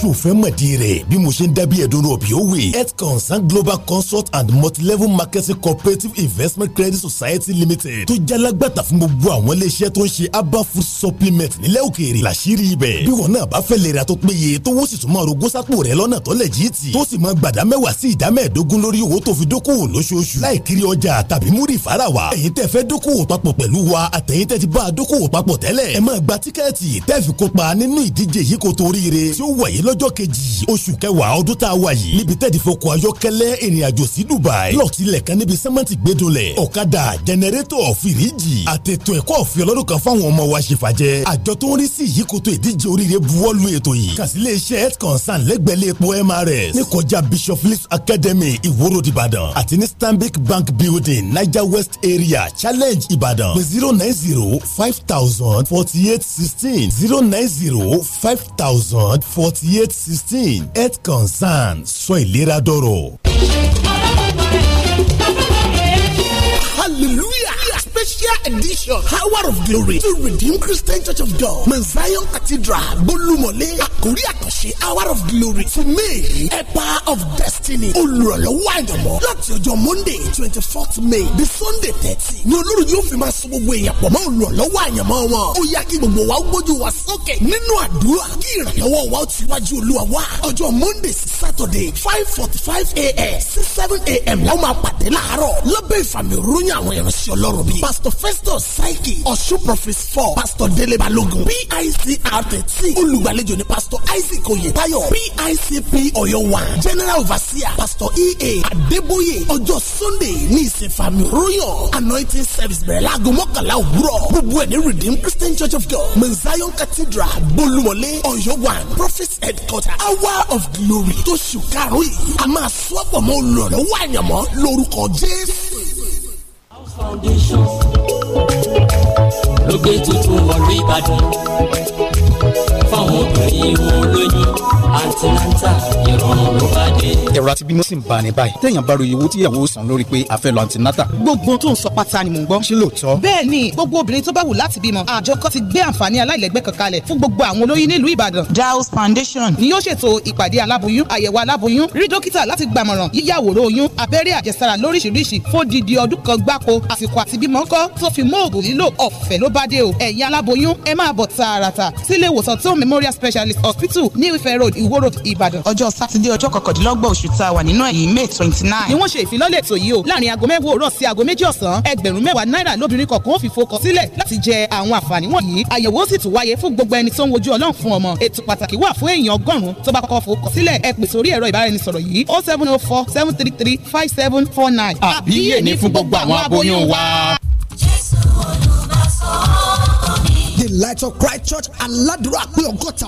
S7: ṣòfẹ́ mọ̀dí rẹ̀ bí mo ṣe ń dábìí ẹ̀dùn rọ̀ ó wè. health consult global consult and multilevel marketing cooperative investment credit society limited tó jalagbàtà fún gbogbo àwọn iléeṣẹ́ tó ń ṣe herbal food supplement nílẹ̀ òkèèrè làṣírí ibẹ̀. bí wọn náà bá fẹ́ lè ra tó péye tó wọ́n sì tún máa rogó sápò rẹ̀ lọ́nà tó lẹ̀ jí tì tó sì máa gbàdá mẹ́wàá sí ìdá mẹ́ẹ̀ẹ́dógún lórí owó tó fi dókòwò lóṣooṣù láì ọjà tàbí múrì fara wa. ẹ̀yin tẹ́ fẹ́ dókòwò papọ̀ pẹ̀lú wa àtẹ̀yin tẹ́ ti bá a dókòwò papọ̀ tẹ́lẹ̀ ẹ máa gba tíkẹ́ẹ̀tì tẹ́ fi kópa nínú ìdíje yìí kó torí oríire tí ó wáyé lọ́jọ́ kejì oṣù kẹwàá ọdún tá a wà yìí níbi tẹ́ẹ̀dì fọkọ̀ ayọ́kẹ́lẹ́ ìrìnàjò sí Dubai lọ́ọ̀tìlẹ̀ níbi sẹ́mẹ́ntì gbẹdọ̀lẹ̀ ọ̀kadà jẹnẹrétọ̀ fìríjì àtẹ̀tọ̀ ẹ̀kọ́ ọ̀fẹ́ ọlọ́dún kan fáwọn ọmọ wa ṣèfàjẹ́ àjọ tó ń rí sí ìyíkoto ìdíje oríire buwọ́lu ètò yìí kàsílẹ̀ iṣẹ́ health concern lẹ́gbẹ̀lẹ́ epo MRS ní kọjá Bishop Phillips Academy ìwòrò Ìbàdàn àti ní Stanbic Bank Building Niger West Area Challenge Ìbàdàn pé zero nine zero five thousand forty eight sixteen zero nine zero five thousand thousand forty eight sixteen health concern sọ ìlera dọ̀rọ̀. hallelujah special edition hour of glory to redeem christian church of god mount zion cathedral bolumole àkórí àkànṣe hour of glory
S5: me a epa of destiny olùrànlọ́wọ́ àyànmọ́ láti ọjọ́ monday twenty fourth may the sunday thirty ni olórí yóò fi máa sọ gbogbo èèyàn pọ̀ mọ́ olùrànlọ́wọ́ àyànmọ́ wọn ó yá kí gbogbo wa ó gbójú wa sókè nínú àdúrà kí ìrànlọ́wọ́ wa ó ti wájú olúwa wa
S7: ọjọ́ monday sí saturday five forty five a.m. sí seven a.m. làwọn máa pàdé láàárọ̀ lábẹ́ ìfàmì òróyìn àwọn ìránṣẹ́ ọlọ́run bíi pastor festus saiki ọ̀ṣun prophets four pastor dele balogun picr thirteen olùgbàlejò ni pastor isaac oyetayo picp ọ̀yọ́ one general overseer pastor ea adeboye ọjọ́ sunday ní ìsìnfàmì royal anointing service bẹ̀rẹ̀ láago mọ́kànlá òwúrọ̀ gbogbo ẹ̀ redeemed christian church of god mount cathedral bolumole ọ̀yọ́ one prophet's headquarter hour of glory tó ṣùkàrọ̀ yìí a máa sọ́pọ̀ mọ́ olùrànlọ́wọ́ àyànmọ́ lórúkọ jésù foundation
S8: ló gbé tuntun wọ̀lú Ìbàdàn fáwọn obìnrin wọn lóyún àǹtí náà ń tà
S3: ìrọ̀rùn ló bá dé ẹ̀rọ àti bímọ sì ń bá ní báyìí téèyàn bá ròyìn owó tíyàwó san lórí pé a fẹ́ lọ antinata. gbogbo tó ń sọ pátá ni mò ń gbọ́. ṣé lóòótọ́. bẹ́ẹ̀ ni gbogbo obìnrin tó bá wù láti bímọ àjọ kan ti gbé àǹfààní aláìlẹ́gbẹ́ kan kalẹ̀ fún gbogbo àwọn olóyún nílùú ìbàdàn. Daus Foundation ni yóò ṣètò ìpàdé aláboyún àyẹ̀wò aláboyún rí dókítà láti gbàmọ̀ràn yíyàwòrán oyún abẹ́rẹ́ àjẹsára lóríṣiríṣi fódìdí ọdún kan gbáko àsìkò àti bímọ kọ́ tó fi mọ́ òògùn Memorial Specialist Hospital ní Ifẹ̀ Road Ìwó Road Ìbàdàn. ọjọ́ sátidé ọjọ́ kọkàndínlọ́gbọ̀n oṣù tá a wà nínú ẹ̀yìn may twenty nine. ni wọ́n ṣe ìfilọ́lẹ̀ ètò yìí o láàrin aago mẹ́wàá òwúrọ̀ sí aago méjì ọ̀sán ẹgbẹ̀rún mẹ́wàá náírà lóbìnrin kọ̀ọ̀kan ó fi fokàn sílẹ̀ láti jẹ àwọn àǹfààní wọ̀nyí àyẹ̀wò sì tún wáyé fún gbogbo ẹni tó ń wojú ọlọ́run fún ọmọ ètò pàtàkì wà fún èèyàn ọgọ́rùn-ún tó bá kọ́kọ́ fokàn sílẹ̀ ẹ pè sórí ẹ̀rọ ìbáraẹnisọ̀rọ̀ yìí o oh seven o oh four seven three three five seven four nine. àbí yé ni fún gbogbo àwọn aboyún
S12: wa.
S7: The Light of Christ Church aládùúrà pé ọgọ́ta